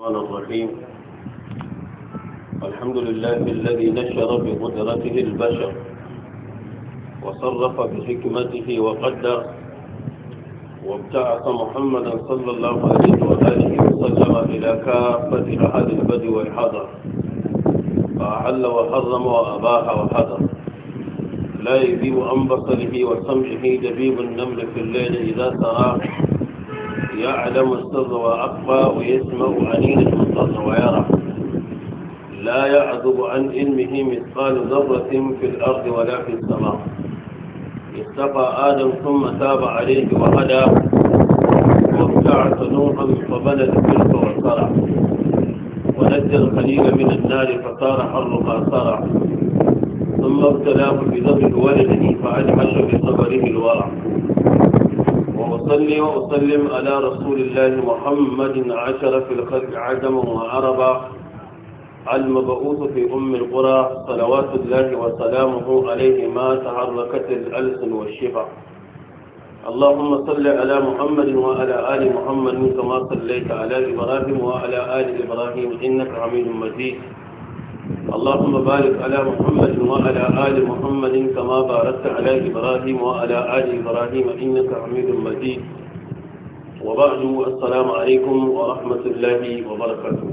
الرحمن الرحيم الحمد لله الذي نشر بقدرته البشر وصرف بحكمته وقدر وابتعث محمدا صلى الله عليه وآله وسلم إلى كافة أحد البدو والحضر فأحل وحرم وأباح وحضر لا يذيب عن بصره وسمعه دبيب النمل في الليل إذا سرى يعلم السر وأخفى ويسمع أنين المضر ويرى لا يعذب عن علمه مثقال ذرة في الأرض ولا في السماء استقى آدم ثم تاب عليه وهدى وابتعد نوحا فبنى الفلك وصرع ونجى الخليل من النار فصار حرها صرع ثم ابتلاه بذبح ولده فأجحش بصبره الورع وأصلي وأسلم على رسول الله محمد عشر في الخلق عجما وعربا المبعوث في أم القرى صلوات الله وسلامه عليه ما تحركت الألسن والشفع اللهم صل على محمد وعلى آل محمد كما صليت على إبراهيم وعلى آل إبراهيم إنك حميد مجيد اللهم بارك على محمد وعلى آل محمد كما باركت على إبراهيم وعلى آل إبراهيم إنك حميد مجيد وبعد السلام عليكم ورحمة الله وبركاته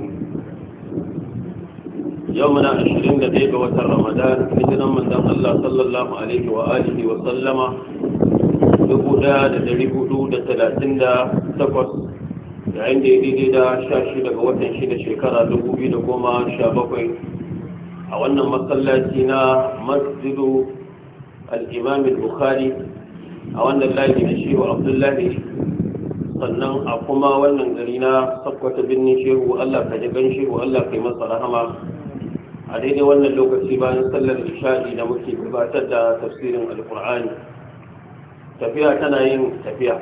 يومنا عشرين دقيقة وتر رمضان مثلا من دام الله صلى الله عليه وآله وسلم دقودا دقودا دقودا دقودا yayin da ya daidai da sha shida ga watan shida shekara dubu biyu da goma sha bakwai a wannan masallaci na masjidu al-imam al-bukhari a wannan layi na shehu abdullahi sannan a kuma wannan gari na sakwata birnin shehu allah ka ji gan shehu allah ka yi masa rahama a daidai wannan lokaci bayan sallar isha'i da muke gabatar da tafsirin alkur'ani tafiya tana yin tafiya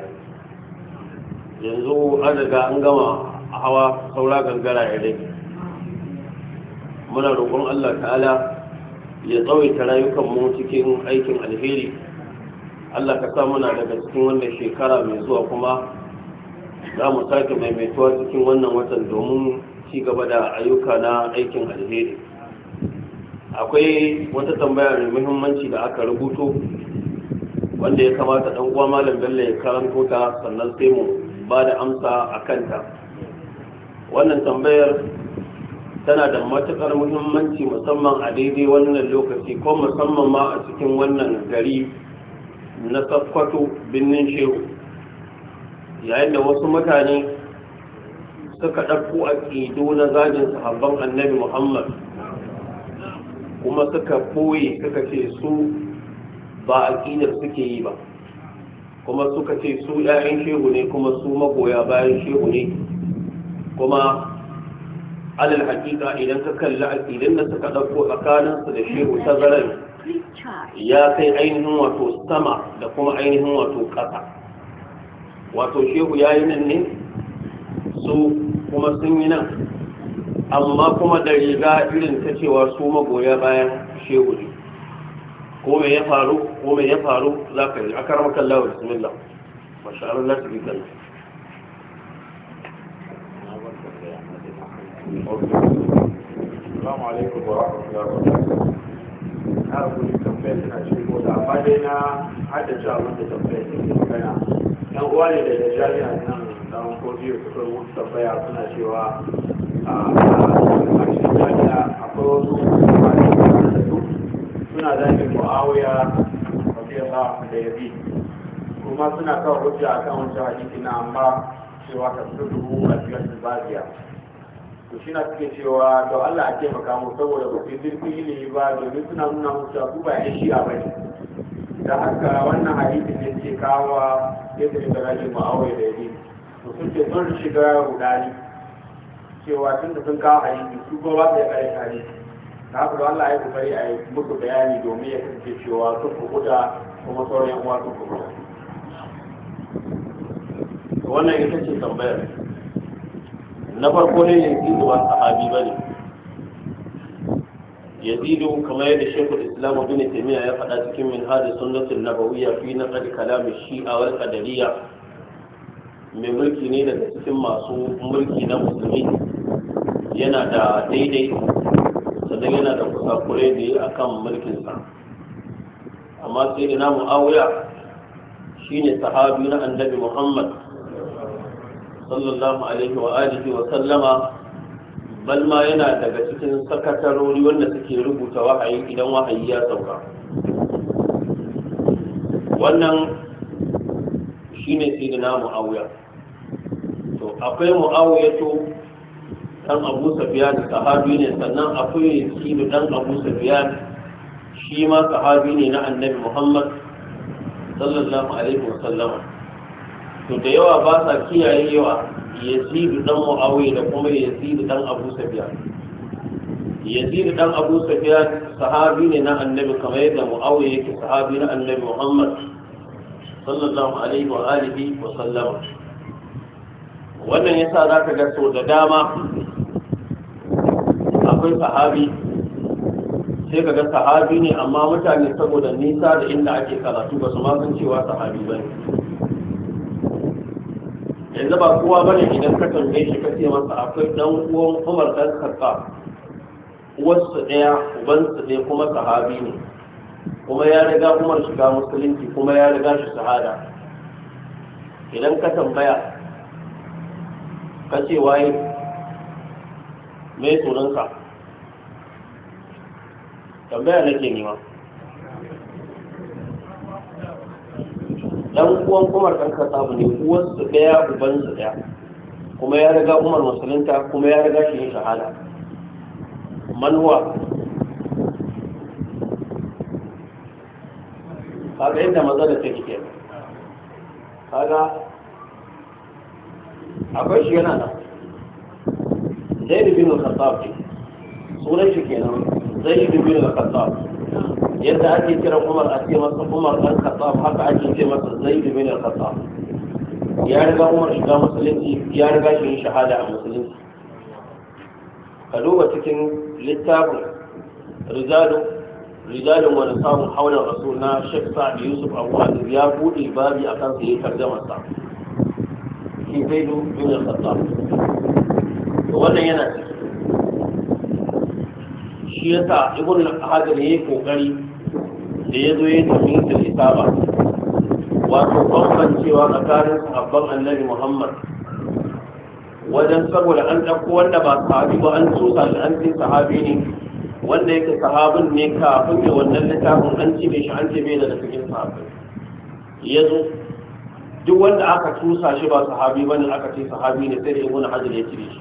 yanzu an riga an gama a hawa saura gangara ya rage muna roƙon Allah ta'ala ya tsawaita rayukan mu cikin aikin alheri Allah ka sa muna daga cikin wannan shekara mai zuwa kuma za mu sake maimaituwa cikin wannan watan domin ci gaba da ayyuka na aikin alheri akwai wata tambaya mai muhimmanci da aka rubuto wanda ya kamata dan uwa malam bello ya karanto ta sannan sai mu ba da amsa a kanta wannan tambayar tana da matuƙar muhimmanci musamman a daidai wannan lokaci ko musamman ma a cikin wannan gari na sakkwato birnin shehu yayin da wasu mutane suka ɗauko a ƙido na zagin sahabban annabi muhammad kuma suka koye suka ce su ba a ƙidar suke yi ba kuma suka ce su 'ya'yan shehu ne kuma su magoya bayan shehu ne kuma alal hakika idan ka kalli idan da suka ɗauko tsakaninsu da shehu tazarar ya kai ainihin wato sama da kuma ainihin wato ƙasa wato shehu ya yi nan ne su kuma sun yi nan amma kuma da riga irin ta cewa su magoya bayan shehu ne ko me ya faru ko me ya faru za ka yi akar makalla bismillah masha Allah ta bi Assalamu alaikum wa rahmatullahi wa barakatuh. Na rubuta tambayar tana cikin mota amma dai na haddace abin da tambayar take magana. Yan uwa ne da jami'a nan dan kodiyo suka suna cewa ah, a cikin jami'a akwai wasu suna zagin mu'awiya radiyallahu kuma suna kawo hujja akan wancan hadisi amma cewa ta sudu a cikin to shi na suke cewa to Allah a taimaka mu saboda ba su zurfi ne ba domin suna nuna musu su ba ya shi a bai da haka wannan hadisi ne ce kawo ya zai da rashin ma'aure da yadi to sun ce sun shiga rudani cewa tun da sun kawo hadisi su ba su ya kare hadisi da haka don Allah ya kokari a yi muku bayani domin ya kasance cewa sun kukuta kuma sauran yan uwa sun wannan ita ce tambayar na farko ne yazidu ba sahabi ba ne yazidu kamar yadda shekul islam bin taymiya ya faɗa cikin min sunnatin sunnatul nabawiyya fi naqd shi shi'a wani qadariyya mai mulki ne daga cikin masu mulki na musulmi yana da daidai sannan yana da kusa kure da yi a kan mulkinsa amma sai da namu mu'awuya shi ne sahabi na annabi muhammad sallallahu alaihi wa alihi wa sallama bal ma yana daga cikin sakatarori wanda suke rubuta wahayi idan wahayi ya sauka wannan shine sayyidina muawiya to akwai muawiya to dan abu safiyan sahabi ne sannan akwai sayyid dan abu safiyan shi ma sahabi ne na annabi muhammad sallallahu alaihi wa sallama to da yawa ba sa kiyaye ya yazidu dan muawiya da kuma yazidu dan abu safiya yazidu dan abu safiya sahabi ne na annabi kamar yadda muawiya yake sahabi na annabi muhammad sallallahu alaihi wa alihi wa sallama wannan yasa ka ga so da dama akwai sahabi sai ga sahabi ne amma mutane saboda nisa da inda ake karatu ba su ma san cewa sahabi ba ne yanzu ba kowa bane idan ka tambaye shi ka ce masa akwai dan uwan Umar dan Khattab uwarsu ɗaya ubansu ne kuma sahabi ne kuma ya riga Umar shiga musulunci kuma ya riga shi shahada idan ka tambaya ka ce waye mai sunanka tambaya nake nema dan uwan Umar dan Khattab ne uwarsu daya su daya kuma ya riga Umar musulunta kuma ya riga shi shahada manuwa kaga inda matsalar take ke kaga akwai shi yana nan zai bin al-khattab sunan shi kenan zai bin al-khattab yadda ake kiran umar a ce masa umar dan khattab haka ake ce masa zaid bin al-khattab ya riga umar shiga musulunci ya riga shi shahada a musulunci ka duba cikin littafin rijalun rijalun wa nisabu hawla rasul na shaykh sa'd yusuf abu aziz ya bude babi akan sai tarjamar sa shi zaid bin al-khattab wannan yana ciki shi yasa ibn hajar yi kokari da ya zo ya tafi da isaba wato bambancewa tsakanin sahabban annabi muhammad wajen saboda an ɗauko wanda ba sahabi ba an tusa da an fi sahabi ne wanda yake sahabin ne kafin mai wannan littafin an ce shi an ce bai daga cikin sahabi ya zo duk wanda aka tusa shi ba sahabi ba ne aka ce sahabi ne sai da ibn hajar ya cire shi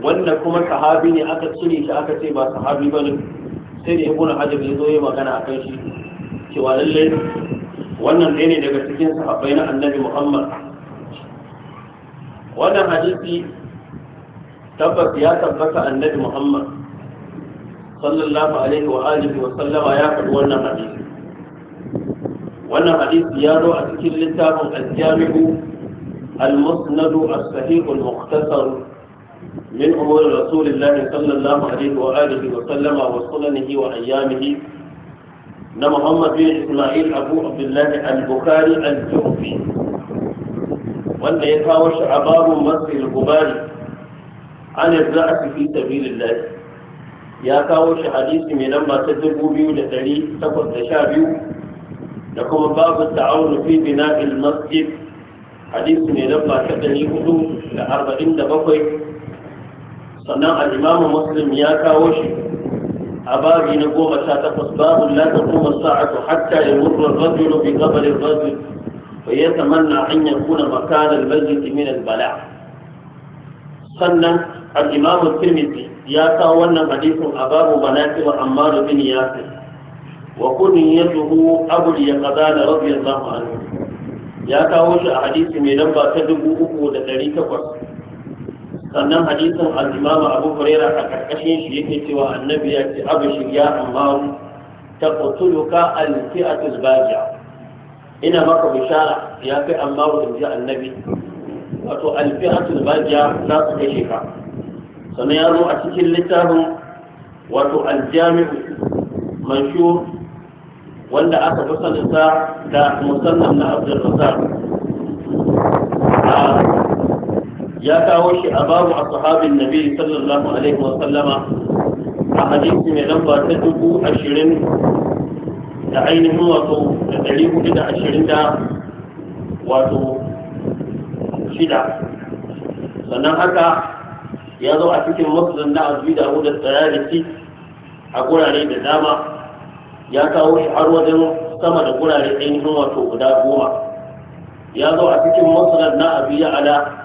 wanda kuma sahabi ne aka cire shi aka ce ba sahabi ba ne sai da ibn hajar ya zo ya magana akan shi cewa lallai wannan ɗaya ne daga cikin sahabbai na annabi muhammad wannan hadisi tabbas ya tabbata annabi muhammad sallallahu alaihi wa alihi wa sallama ya faɗi wannan hadisi wannan hadisi ya zo a cikin littafin al-jami'u al-musnadu as-sahih al-mukhtasar من أمور رسول الله صلى الله عليه وآله وسلم وسننه وأيامه نمحمد بن إسماعيل أبو عبد الله البخاري الجوفي wanda ya kawo shi a babu masjid gubari an yarda fi sabilillah ya kawo shi hadisi mai lamba ta 2812 da kuma babu ta'awun fi bina'il masjid hadisi mai lamba ta 447 sannan Alimamin muslim ya kawo shi a babi na goma sha takwas babu la taqumu sa'atu hatta ya ar-rajulu bi qabri ar-rajul fa yatamanna an yakuna makana al min al-bala' sannan al-imamu tirmidhi ya kawo wannan hadisin a babu manaqib ammar bin yasir wa kunyatuhu abu al-yaqdan radiyallahu anhu ya kawo shi a hadisi mai lamba ta dubu uku da ɗari takwas. sannan hadisin al-imam abu hurairah a karkashin shi yake cewa annabi ya ce amma ta ammar ka al-fi'atu al-baji'a ina maka bishara ya kai amma ammar inji annabi wato al-fi'atu al-baji'a za su kashe ka sannan ya zo a cikin littafin wato al-jami'u manshur wanda aka fi sa, da musamman na abdul razak ya kawo shi a babu a sahabin nabi sallallahu alaihi wa sallama a hadisi mai lamba ta dubu ashirin da ainihin wato da ɗari hudu da ashirin da wato shida sannan haka ya zo a cikin matsalin na azubi da da tsayariki a gurare da dama ya kawo shi har wajen sama da gurare ainihin wato guda goma ya zo a cikin matsalin na abu ya ala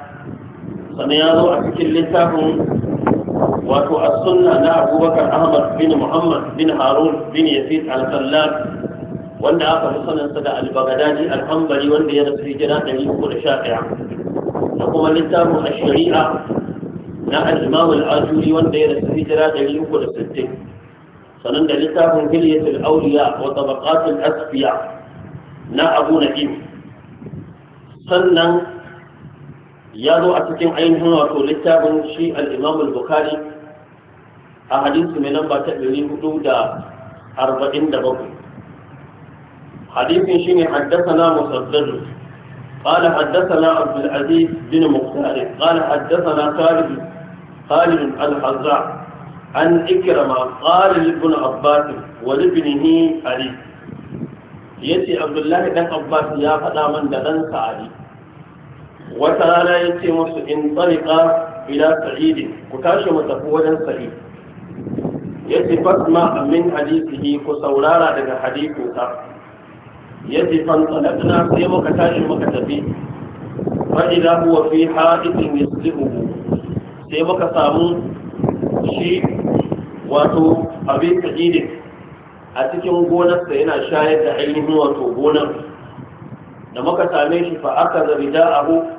sannan ya zo a cikin littafin wato a sunna na abubakar ahmad bin muhammad bin harun bin yasid al-sallab wanda aka fi sanansa da al-baghdadi al-hanbali wanda ya rasu hijira uku da sha ɗaya, da kuma littafin ash-shari'a na al-imam al-ajuri wanda ya rasu hijira 360 uku da sittin, sanan da littafin hilyatul awliya wa tabaqatul asfiya na abu na'im sannan ya zo a cikin ainihin wato littafin shi al'imam al-bukhari a hadisi mai namba ta ɗari hudu da arba'in da bakwai hadisin shi ne haddasa musaddadu قال حدثنا عبد العزيز بن مختار قال حدثنا خالد خالد الحزاع عن إكرمة قال لابن عباس ولابنه علي يأتي عبد الله بن عباس يا قدام دلنس علي wata rana ya ce musu in tsarika ila sa'idi ku tashi mu tafi wajen sa'id ya ce fasma min hadisihi ku saurara daga hadisinsa ya ce fantsalatna sai muka tashi muka tafi fa'ida huwa fi hadisin yasihu sai muka samu shi wato abin sa'idin a cikin gonarsa yana shayar da ainihin wato gonar da muka same shi fa aka zabi abu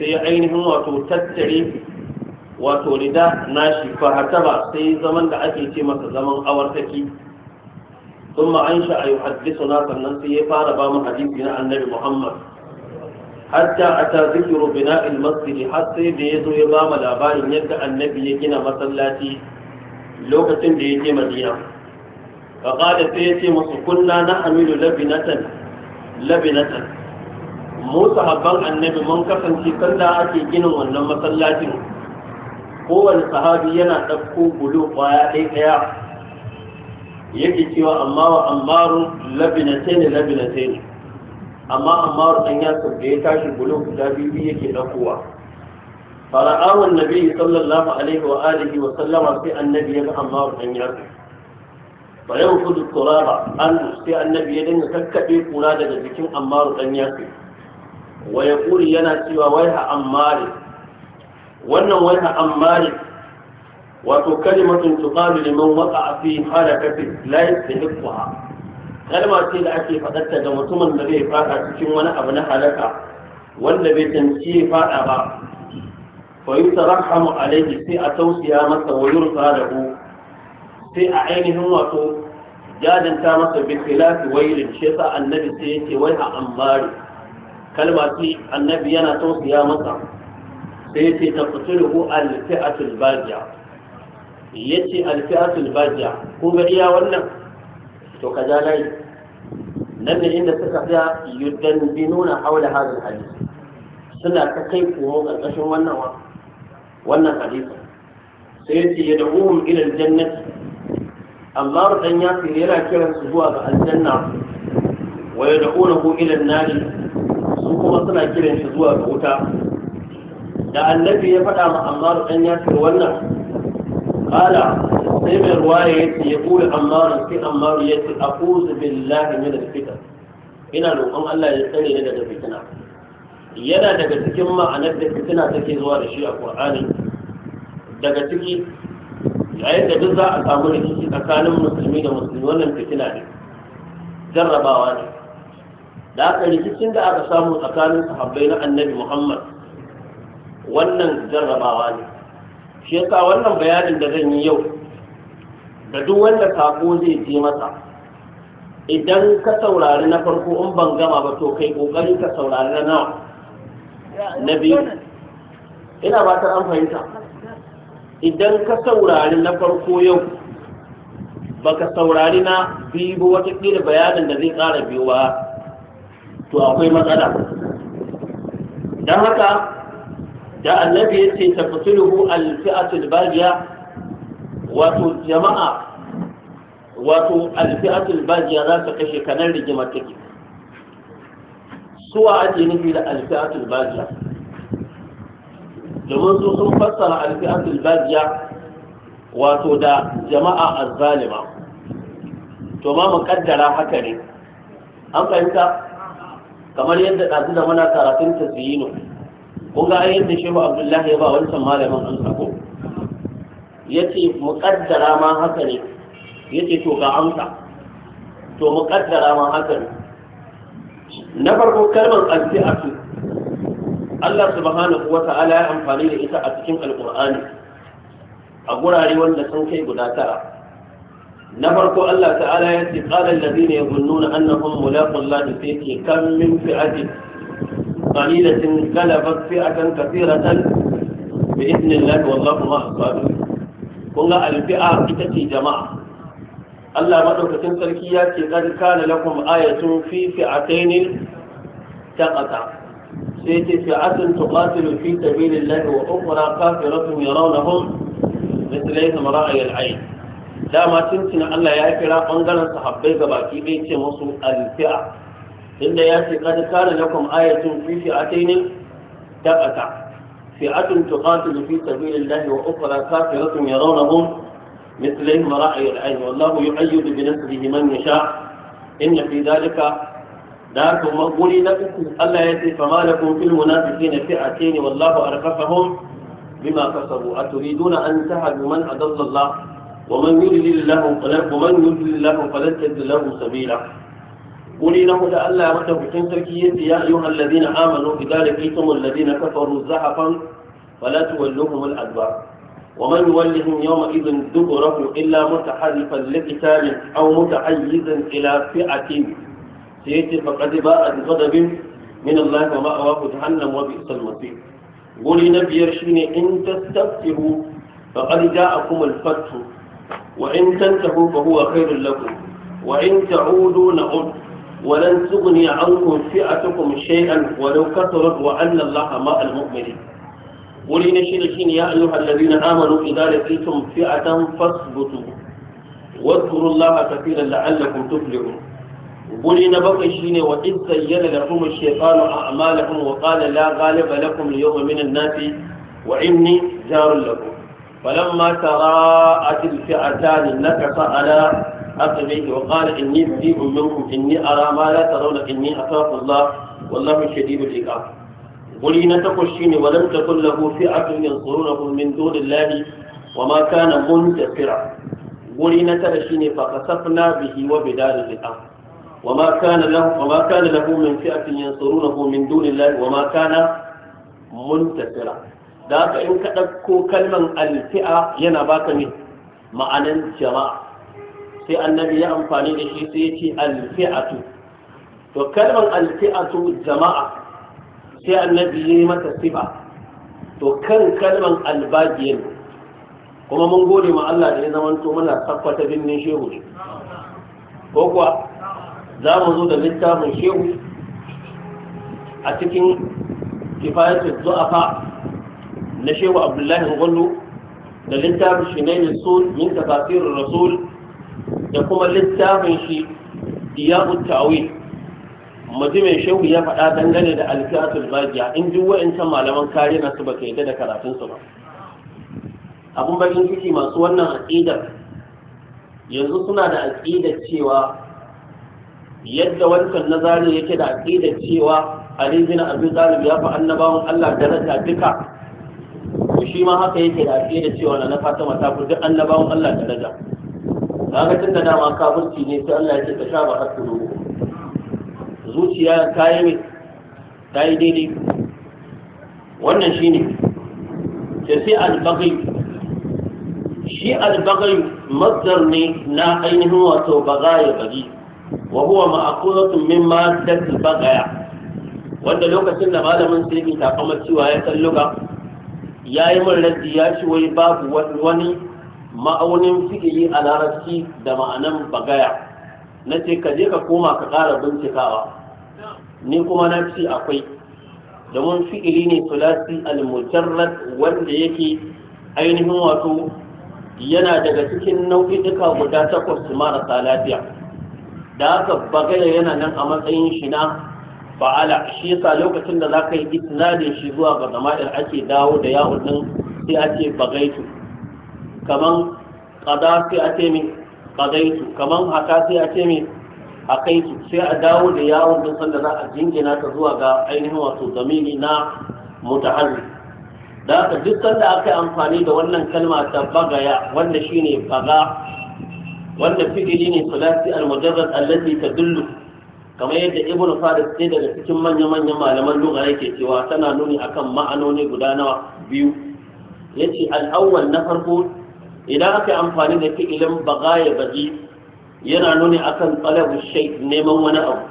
sai ainihin wato tattare wato rida nashi fa sai zaman da ake ce masa zaman awartaki sun ma'aisha a yi hadisu na sannan sai ya fara ba mu hadisi na annabi muhammad hatta a ta zikiro bina ilmasiri har sai da ya zo ya bama labarin yadda annabi ya gina masallaci lokacin da ya ke madina ka ƙada sai ya ce masa kunna na aminu labinatan labinatan mu sahabban annabi mun kasance sanda ake ginin wannan masallacin kowane sahabi yana ɗauko bulu ƙwaya ɗaya ɗaya yake cewa amma wa ammaru labinatai ne labinatai ne amma ammaru ɗan ya da ya tashi bulu guda biyu yake ɗaukowa fara'awun nabi sallallahu alaihi wa alihi wa sallama sai annabi ya ga ammaru ɗan ya fa yau kudu turaba an sai annabi ya dinga kakkaɓe kura daga jikin ammaru ɗan ya wa ya kuri yana cewa wai ha ammari wannan wai ha ammari wato kalimatun tuqalu liman waqa'a fi halakati la yastahiqquha kalma ce da ake fadarta ga mutumin da zai fada cikin wani abu na halaka wanda bai tantance fada ba fa yusarhamu alayhi sai a tausiya masa wa yursa da ku sai a ainihin wato jajanta masa bi khilafi wailin shi yasa annabi sai yake wai a ambari kalma ce annabi yana tausaya masa sai ya ce ta fitulhu alfi'atul bajiya ya ce alfi'atul bajiya ko ga iya wannan to ka ja layi nan ne inda suka tsaya yudan binuna haula hadal hadisi suna ta kai komo ƙarƙashin wannan wannan hadisi sai ya ce ya da'uhum ila Jannati. Allah dan ya yana kiransu zuwa ga aljanna wa yad'unahu ila an-nar kuma suna kiran shi zuwa ga wuta da annabi ya faɗa ma ɗan dan ce wannan qala sai mai ruwaya yace ya kula Ammaru, sai ammar yace aquzu billahi min al-fitan ina roƙon Allah ya tsare ni daga fitina yana daga cikin ma'anar da fitina take zuwa da shi a Qur'ani daga ciki yayin da duk za a samu rikici tsakanin musulmi da musulmi wannan fitina ne jarrabawa ne da aka rikicin da aka samu tsakanin sahabbai na annabi muhammad wannan jarrabawa ne shi yasa wannan bayanin da zan yi yau da duk wanda sako zai je masa idan ka saurari na farko in ban gama ba to kai kokari ka saurari na nawa na biyu ina ba ta an fahimta idan ka saurari na farko yau baka saurari na biyu ba wata bayanin da zai ƙara biyu ba to akwai matsala don haka da annabi ya ce tafsiruhu alfi'atul bagiya wato jama'a wato alfi'atul bagiya za su kashe kanar rigimar take suwa ake nufi da alfi'atul bagiya domin su sun fassara alfi'atul bagiya wato da jama'a azzalima to ma mu kaddara haka ne an fahimta kamar yadda ɗazu da mana karatun tasirinu ko ga da shehu abdullahi ya ba wancan malamin an sako ya ce muƙaddara ma haka ne ya ce to ga amsa to muƙaddara ma haka ne na farko kalmar su. Allah subhanahu wa ta'ala ya amfani da ita a cikin alƙur'ani a gurare wanda sun kai guda tara نبرك الله تعالى يأتي قال الذين يظنون أنهم ملاق الله فيك كم من فئة قليلة غلبت فئة كثيرة بإذن الله والله ما أصاب كنا الفئة بتتي جماعة الله مدوك يأتي قد كان لكم آية في فئتين تقطع سيتي فئة تقاتل في سبيل الله وأخرى كافرة يرونهم مثل رأي العين dama tuntuna Allah ya kira bangaren sahabbai ga baki bai ce musu alfi'a inda ya ce kad kana lakum ayatun fi fi'atayn taqata fi'atun tuqatilu fi sabilillahi wa ukhra kafiratun yarawnahum مثلهم رأي العين والله يؤيد بنصره من يشاء da في ذلك na مقولي لكم ألا يأتي فما لكم في المنافقين فئتين والله أركفهم بما كسبوا أتريدون an تهدوا من أضل الله ومن يرد له فلن ومن يرد الله فلن تجد له سبيلا قولي له لألا في تركية يا أيها الذين آمنوا إذا لقيتم الذين كفروا زحفا فلا تولوهم الأدبار ومن يولهم يومئذ دبره إلا متحرفا لقتال أو متحيزا إلى فئة سيأتي فقد باء بغضب من الله ومأواه جهنم وبئس المصير قولي نبي يرشيني إن تستفتحوا فقد جاءكم الفتح وإن تنتهوا فهو خير لكم وإن تعودوا نعود ولن تغني عنكم فئتكم شيئا ولو كثرت وأن الله مع المؤمنين ولين شركين يا أيها الذين آمنوا إذا لقيتم فئة فاثبتوا واذكروا الله كثيرا لعلكم تفلحون ولين بقي شين وإذ زين لكم الشيطان أعمالكم وقال لا غالب لكم اليوم من الناس وإني جار لكم فلما تراءت الفئتان نكص على عقبيه وقال اني بريء منكم اني ارى ما لا ترون اني اخاف الله والله شديد العقاب قولي نتقشيني ولم تكن له فئة ينصرونه من دون الله وما كان منتصرا قولي نتقشيني فخسفنا به وبدار الارض وما كان له وما كان له من فئة ينصرونه من دون الله وما كان منتصرا da haka in ka ɗauko kalman alfi'a yana baka ne ma'anan jama'a sai annabi ya amfani da shi sai ya ce alfi'atu to kalman alfi'atu jama'a sai annabi ya yi mata sifa to kan kalman albagiyin kuma mun gode ma Allah da ya zamanto muna tabbata binnin shehu ne ko kuwa za mu zo da littafin shehu a cikin kifayatul du'afa na shehu abdullahi gwallo da littafin shi na nisul min tafasirin rasul da kuma littafin shi diyabu ta'awi mutumin shehu ya faɗa dangane da alfiyatul bagiya in duk wa'ancan malaman kare na su baka yadda da karatunsu ba abun bakin ciki masu wannan aƙidar yanzu suna da aƙidar cewa yadda wancan na yake da aƙidar cewa Ali bin Abi Talib ya fi annabawan Allah daraja duka shi ma haka yake da ake da cewa na Fatima ta fi duk annabawan Allah da daraja kaga tun da dama kafirci ne sai Allah ya ce ta sha ba har zuciya ta yi ta yi daidai wannan shine sai sai al shi albagai mazdar ne na ainihin wato ya bari. wa huwa ma'akulatun min ma bagaya wanda lokacin da malamin sai ta takama cewa ya san ya yi min raddi ya ci wai babu wani ma'aunin fikiri a larabci da ma'anan bagaya na ce ka je ka koma ka ƙara bincikawa ni kuma na ce akwai domin fikiri ne tulasi al-mujarrad wanda yake ainihin wato yana daga cikin duka guda takwas marasa lafiya da haka bagaya yana nan a matsayin shi na Ba'ala shi yasa lokacin da zaka yi isnadin shi zuwa ga zama'ir ake dawo da yawo din sai ake ce bagaitu kaman qada sai ake ce min qadaitu kaman haka sai ake ce min hakaitu sai a dawo da yawo din sanda za a jingina ta zuwa ga ainihin wato zamiri na mutaharri da haka duk sanda aka yi amfani da wannan kalma ta bagaya wanda shine baga wanda fi'ili ne sulasi al-mujarrad allati tadullu kamar yadda Ibn faris sai daga cikin manya-manyan malaman lugha yake cewa tana nuni akan ma'anoni guda nawa biyu yace al-awwal na farko idan aka amfani da fi'ilin bagaya baji yana nuni akan talabu shay neman wani abu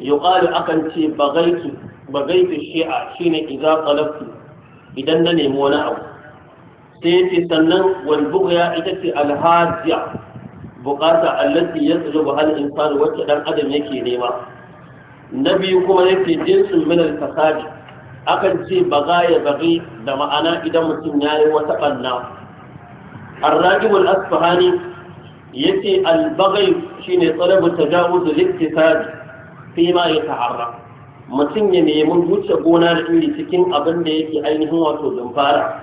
yuqalu akan ce bagaitu bagaitu shi'a shine idza talabtu idan na nemi wani abu sai yace sannan wal bughya ita ce al-hajiya buƙata allati yatlubu hal insanu wacce dan adam yake nema na biyu kuma yake jinsin min fasadi akan ce baga ya bari da ma'ana idan mutum ya yi wata banna الراجب الأصفهاني يتي البغي شيني طلب التجاوز الاكتساب فيما يتعرى mutum ya nemi wuce gona da iri cikin abin da yake ainihin wato zumfara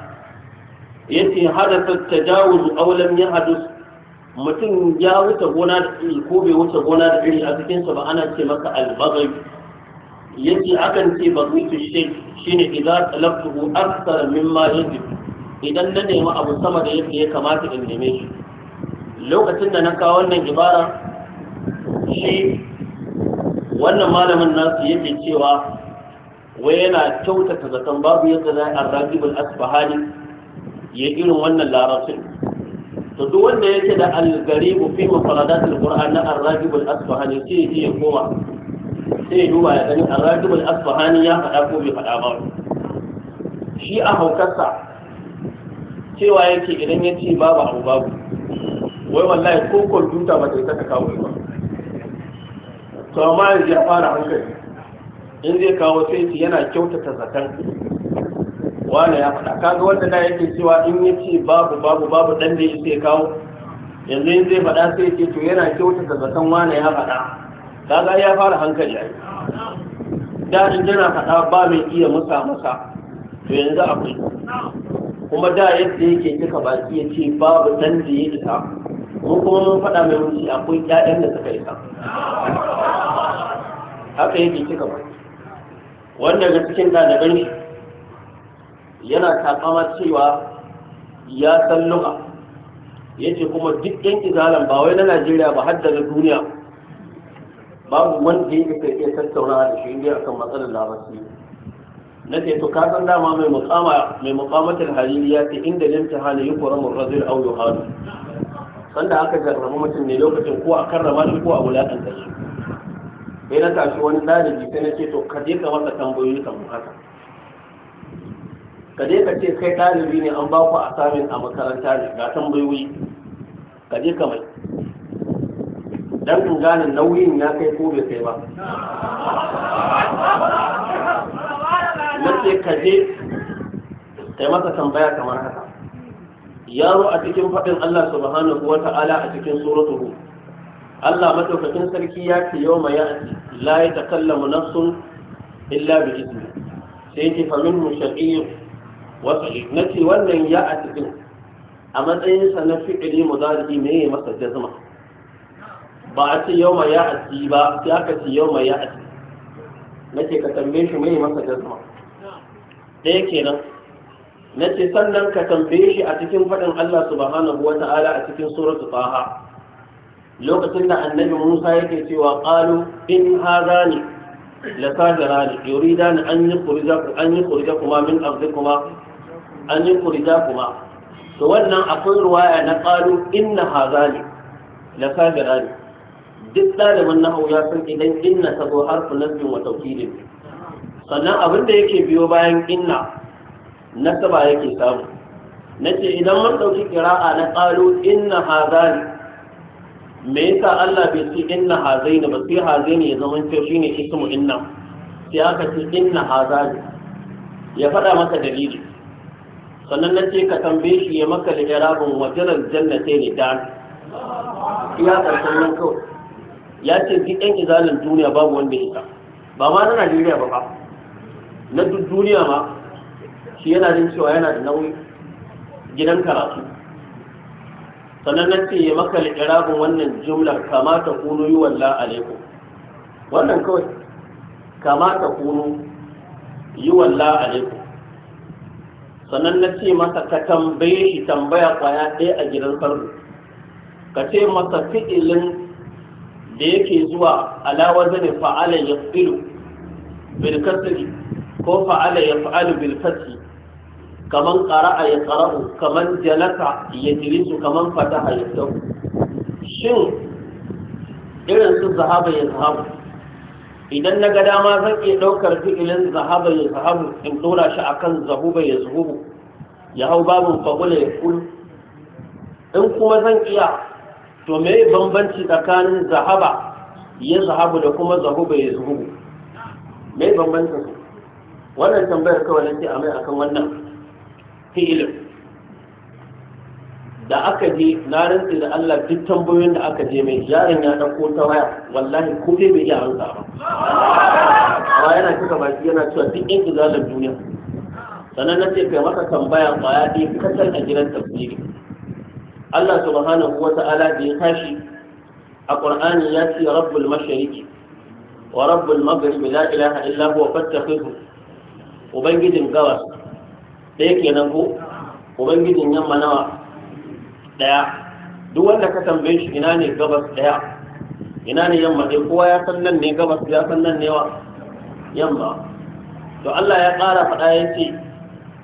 ya ce ta tajawuz aulam ya hadu mutum ya wuce gona da iri ko bai wuce gona da iri a cikinsa ba ana ce maka albazai yace akan ce bagitu shek shine idza talabtuhu akthara mimma yajib idan na nemi abu sama da yake ya kamata in neme shi lokacin da na kawo wannan ibara shi wannan malamin nasu yake cewa wai yana kyautata zaton babu yadda za a ragibul asfahani ya irin wannan larabcin to duk wanda yake da al-garibu fi mufradatil qur'an na ar-ragib al-asfahani sai ya koma sai duba ya gani ar-ragib al-asfahani ya faɗa ko bai faɗa ba shi a haukarsa cewa yake idan ya ce babu abu babu wai wallahi ko kwamfuta ba ta yi ta kawo ba to amma ya fara hankali in zai kawo sai yana kyautata zakan wani ya faɗa kaga wanda da yake cewa in ya ce babu babu babu ɗan da ya kawo yanzu in zai faɗa sai ce to yana kyauta da zaton wani ya faɗa kaga ya fara hankali ai da in jana faɗa ba mai iya musa masa to yanzu akwai kuma da yadda yake kika baki ya ce babu ɗan da ya isa mun kuma mun faɗa mai wuce akwai ƴaƴan da suka isa haka yake kika baki wanda ga cikin ɗaliban shi yana takama cewa ya san ya yace kuma duk yan izalan ba wai na Najeriya ba har da duniya babu wanda yake kai iya tattauna da shi inda akan matsalar labarci na ce to ka san dama mai muqama mai muqamatul hariri ya ce inda lam tahana yukramu ar-rajul aw sanda aka jarrama mutum ne lokacin ko a karrama shi ko a wulakanta shi sai na tashi wani ɗalibi sai na ce to ka je ka masa tambayoyi kan haka ka je ka ce kai ɗalibi ne an ba ku asamin a makaranta ne ga tambayoyi ka je ka mai dan in gane nauyin ya kai ko bai kai ba nace ka je kai masa tambaya kamar haka yaro a cikin faɗin Allah subhanahu wa ta'ala a cikin suratuhu Allah madaukakin sarki ya ce yau ma ya'ti la yatakallamu nafsun illa bi izni sai ce famin mu mushaqiyyun na ce wannan ya a cikin a matsayinsa na fi'ili mudari ne ya masa jazma ba a ce yau ma ya a ci ba sai aka ce yau ma ya a ci na ce ka tambaye shi mai masa jazma ɗaya kenan na ce sannan ka tambaye shi a cikin faɗin Allah subhanahu wa ta'ala a cikin suratu faha lokacin da annabi Musa yake cewa qalu in hadani la sajirani yuridani an yukhrija an yukhrija kuma min ardi kuma an yi kurida kuma to wannan akwai ruwaya na qalu inna hazali la sagara ne duk ɗaliban na ya san idan inna ta zo harfu nasbin wa tawkilin sannan abin da yake biyo bayan inna nasaba yake samu Na ce idan mun ɗauki kira'a na qalu inna hazali me yasa Allah bai ce inna ne ba sai ne ya zama cewa shine ismu inna sai aka ce inna hazali ya faɗa masa dalili sannan na ce ka tambaye shi ya maka da irabin wajenar jannate ne da iya karshen nan kawai ya ce duk yan izalin duniya babu wanda ya ta ba ma na najeriya ba fa na duk duniya ma shi yana jin cewa yana da nauyi gidan karatu sannan na ce ya maka da irabin wannan jumlar kamata kunu yi walla alaikum wannan kawai kamata kunu yi walla alaikum sannan na ce masa ka tambaye shi tambaya kwaya ɗaya a gidan farko ka ce masa fi'ilin da yake zuwa alawa zane fa'ala ya filu bilkasiri ko fa'ala ya fa'alu bilkasi kaman ƙara'a ya ƙara'u kaman jalaka ya jilisu kaman fataha ya sau shin irin su zahaba ya zahabu idan na ga dama zan iya ɗaukar fi'ilin zahaba ya zahabu in ɗora shi kan zahuba ya zahubu ya hau babin fagula ya kulu in kuma zan iya to me bambanci tsakanin zahaba ya zahabu da kuma zahuba ya zahubu me bambancin su wannan tambayar kawai nake a mai akan wannan fi'ilin da aka je na rantsi da Allah duk tambayoyin da aka je mai yaron ya dauko ta waya wallahi ko dai bai iya amsa ba amma yana kika baki yana cewa duk yan izalar duniya sannan na ce kai maka tambaya kwaya ɗaya kasar a gidan tafsiri Allah subhanahu wa ta'ala da ya tashi a Qur'ani ya ce rabbul mashariki wa rabbul maghribi la ilaha illa huwa ubangijin gawas da yake nan ko ubangijin yamma nawa ɗaya duk wanda ka tambaye shi ina ne gabas ɗaya ina ne yamma ɗaya kowa ya san nan ne gabas ya san nan ne wa yamma to Allah ya ƙara faɗa ya ce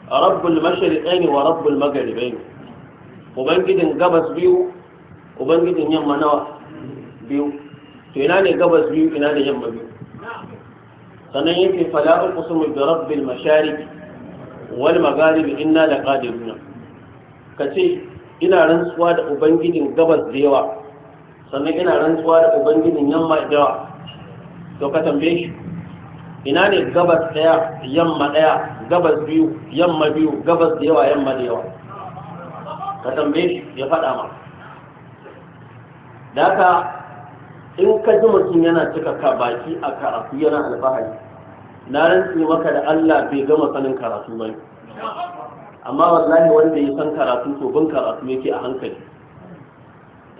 rabbul mashriqain wa rabbul magharibain ubangijin gabas biyu ubangijin yamma nawa biyu to ina ne gabas biyu ina ne yamma biyu sannan yake fala uqsimu bi rabbil mashariq wal magharib inna laqadiruna kace ina rantsuwa da ubangijin gabas da yawa sannan ina rantsuwa da ubangijin yamma da yawa to ka tambaye shi ina ne gabas daya yamma daya gabas biyu yamma biyu gabas da yawa yamma da yawa ka tambaye shi ya faɗa ma da haka in ka ji mutum yana cika ka baki a karatu yana alfahari na rantsi maka da Allah bai gama sanin karatu ba amma wallahi wanda ya san karatu to bin karatu yake a hankali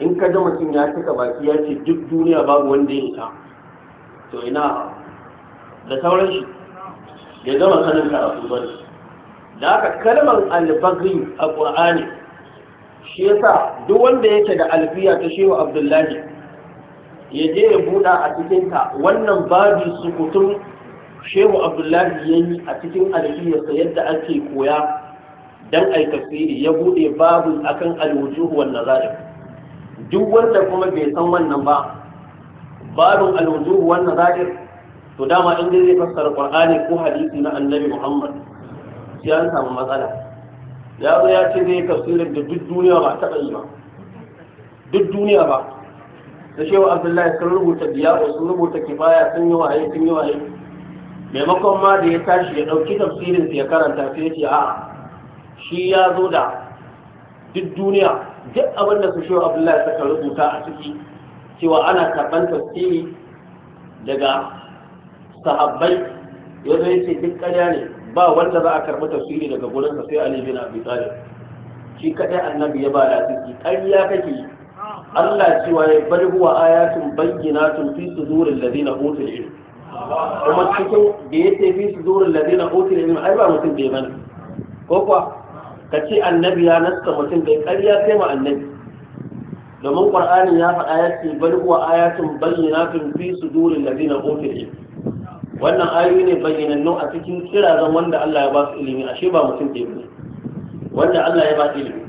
in ka ga mutum ya cika baki ya ce duk duniya babu wanda ya isa to ina da sauran shi ya gama sanin karatu ba ne da aka kalmar albagri a ƙur'ani shi ya sa duk wanda yake da alfiya ta shehu abdullahi ya je ya buɗa a cikinta wannan babi su kutum shehu abdullahi ya yi a cikin alfiyarsa yadda ake koya dan ai tafsiri ya bude babu akan alwujuh wan nazair duk wanda kuma bai san wannan ba Babu alwujuh wan nazair to dama in dai zai fassara qur'ani ko hadisi na annabi muhammad sai an samu matsala ya zo ya ce zai tafsirin da duk duniya ba taɓa yi ba duk duniya ba da shehu abdullahi sun rubuta biya sun rubuta kifaya sun yi waye sun yi waye maimakon ma da ya tashi ya ɗauki tafsirin ya karanta sai ya ce a'a shi ya zo da duk duniya duk abin da su shi abdullahi suka rubuta a ciki cewa ana karɓar tafsiri daga sahabbai yanzu ya ce duk ƙarya ne ba wanda za a karɓi tafsiri daga gurinsa sai ali na abi talib shi kaɗai annabi ya ba da ciki ƙarya kake Allah cewa ya bari huwa ayatun tun fi da zina utul ilm kuma cikin da ya ce fi su da zina utul ilm ai ba mutum ya bane ko kuwa ka ce annabi ya nasta mutum kai ƙarya kai ma annabi domin qur'ani ya faɗa ya ce bal huwa ayatun bayyinatun fi suduril ladina utul wannan ayoyi ne bayyanannu a cikin kirazan wanda Allah ya ba su ilimi ashe ba mutum ke ne wanda Allah ya ba su ilimi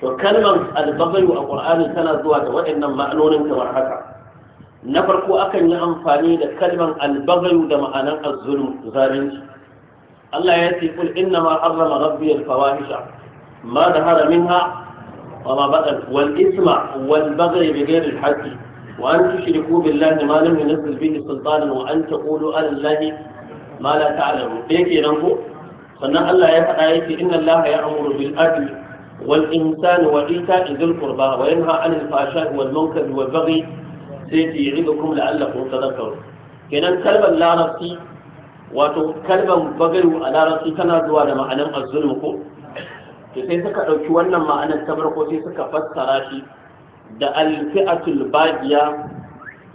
to kalmar albabayu a qur'ani tana zuwa da waɗannan ma'anonin kamar haka na farko akan yi amfani da kalmar albabayu da ma'anar azzulm zalunci Allah ya ce kul inna ma harrama rabbi al-fawahisha ma dhahara minha wa ma badan wal isma wal baghy bighayri al-haqqi wa an tushriku billahi ma lam yunzil bihi sultanan wa an taqulu ala allahi ma la ta'lamu dai kenan ko sannan Allah ya faɗa yake inna Allah ya'muru bil adli wal insani wa ita'i dhil qurba wa yanha 'anil fahsha'i wal munkari wal baghi sai yi riga kuma la'allakum tadhakkarun kenan kalmar larabci wato kalban bagaru a larabci tana zuwa da ma'anan azzulm ko to sai suka ɗauki wannan ma'anar ta farko sai suka fassara shi da alfi'atul bagiya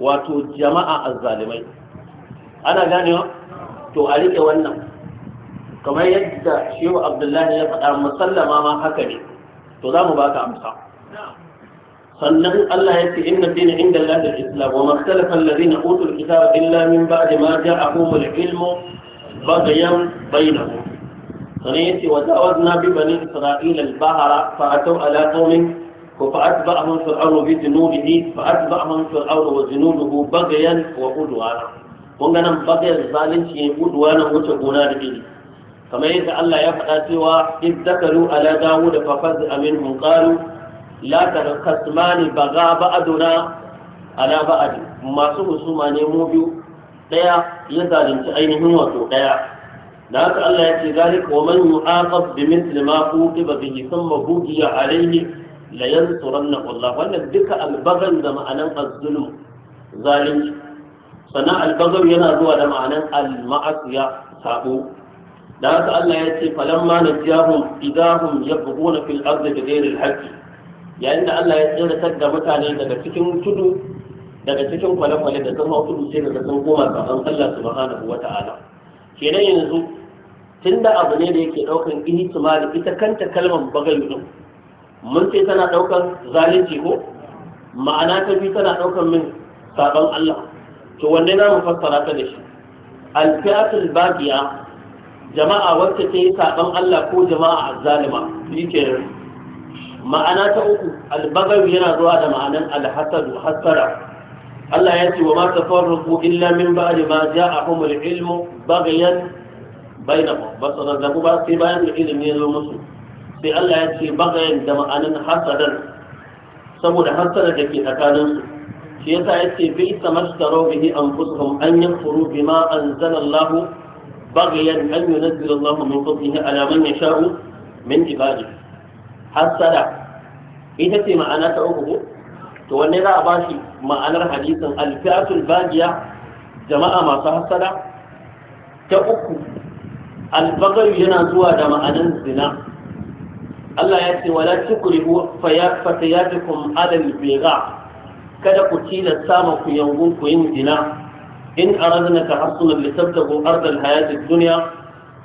wato jama'a azzalimai ana ganewa to a riƙe wannan kamar yadda shehu abdullahi ya faɗa musallama ma haka ne to za mu baka amsa sannan Allah ya ce inna dina inda Allah da Islam wa makhtalafa na utul kitaba illa min ba'di ma a al-ilmu yan bagyan bainahum sannan yace wa na bi bani isra'ila al Ko fa a a a a man Ba man ala qaumin فأتبعهم فرعون بجنوده فأتبعهم فرعون وجنوده بغيا وعدوانا kunga nan bagar zalunci ne uduwa nan wuce gona da iri kamar yadda Allah ya faɗa cewa in zakaru ala dawo da fafaz amin mun qalu la ta kasmani ba ga ba'aduna ala ba'ad masu husuma ne mu biyu daya ya zalunci ainihin wato daya da haka Allah ya ce zalik wa man yu'aqab bi mithli ma uqiba bihi thumma buqiya alayhi la yansuranna Allah wannan duka albagan da ma'anan az-zulm zalunci sannan albagan yana zuwa da ma'anan al-ma'asiya sabo da haka Allah ya ce falamma najahum idahum yabghuna fil ardi bighayri al-haqqi yayin da Allah ya tsirkar da mutane daga cikin tudu daga cikin kwale-kwale da sun hau tudu sai da sun koma gaban Allah subhanahu wa ta'ala kenan yanzu tun da abu ne da yake daukan ihtimali ita kanta kalmar bagayu din mun ce tana daukan zalunci ko ma'ana ta bi tana daukan min saban Allah to wanne na mu fassara ta da shi al-fi'atul baqiya jama'a wacce ta yi saban Allah ko jama'a ni kenan. ma'ana ta uku albagawi yana zuwa da ma'anan alhassadu, hasara Allah ya ce wa ma tafarruqu illa min ba ba'di ma ja'ahum al-ilmu baghyan bainahum ba su zazzabu ba sai bayan da ilimi ya zo musu sai Allah ya ce baghyan da ma'anan hasadan saboda hasara da ke tsakanin su shi yasa ya ce bi samastaru bihi anfusuhum an yakfuru bima anzala Allah baghyan an yunzila Allah min fadlihi ala man sha'u min ibadihi hassada ita ce ma'ana ta uku to wanne za a bashi ma'anar hadisin alfi'atul bagiya jama'a masu hassada ta uku albagaru yana zuwa da ma'anar zina Allah ya ce wala ya fi ala al-bigha kada ku tilasta samun ku ku yin zina in aradna tahassulan litabtagu ardal hayati ad-dunya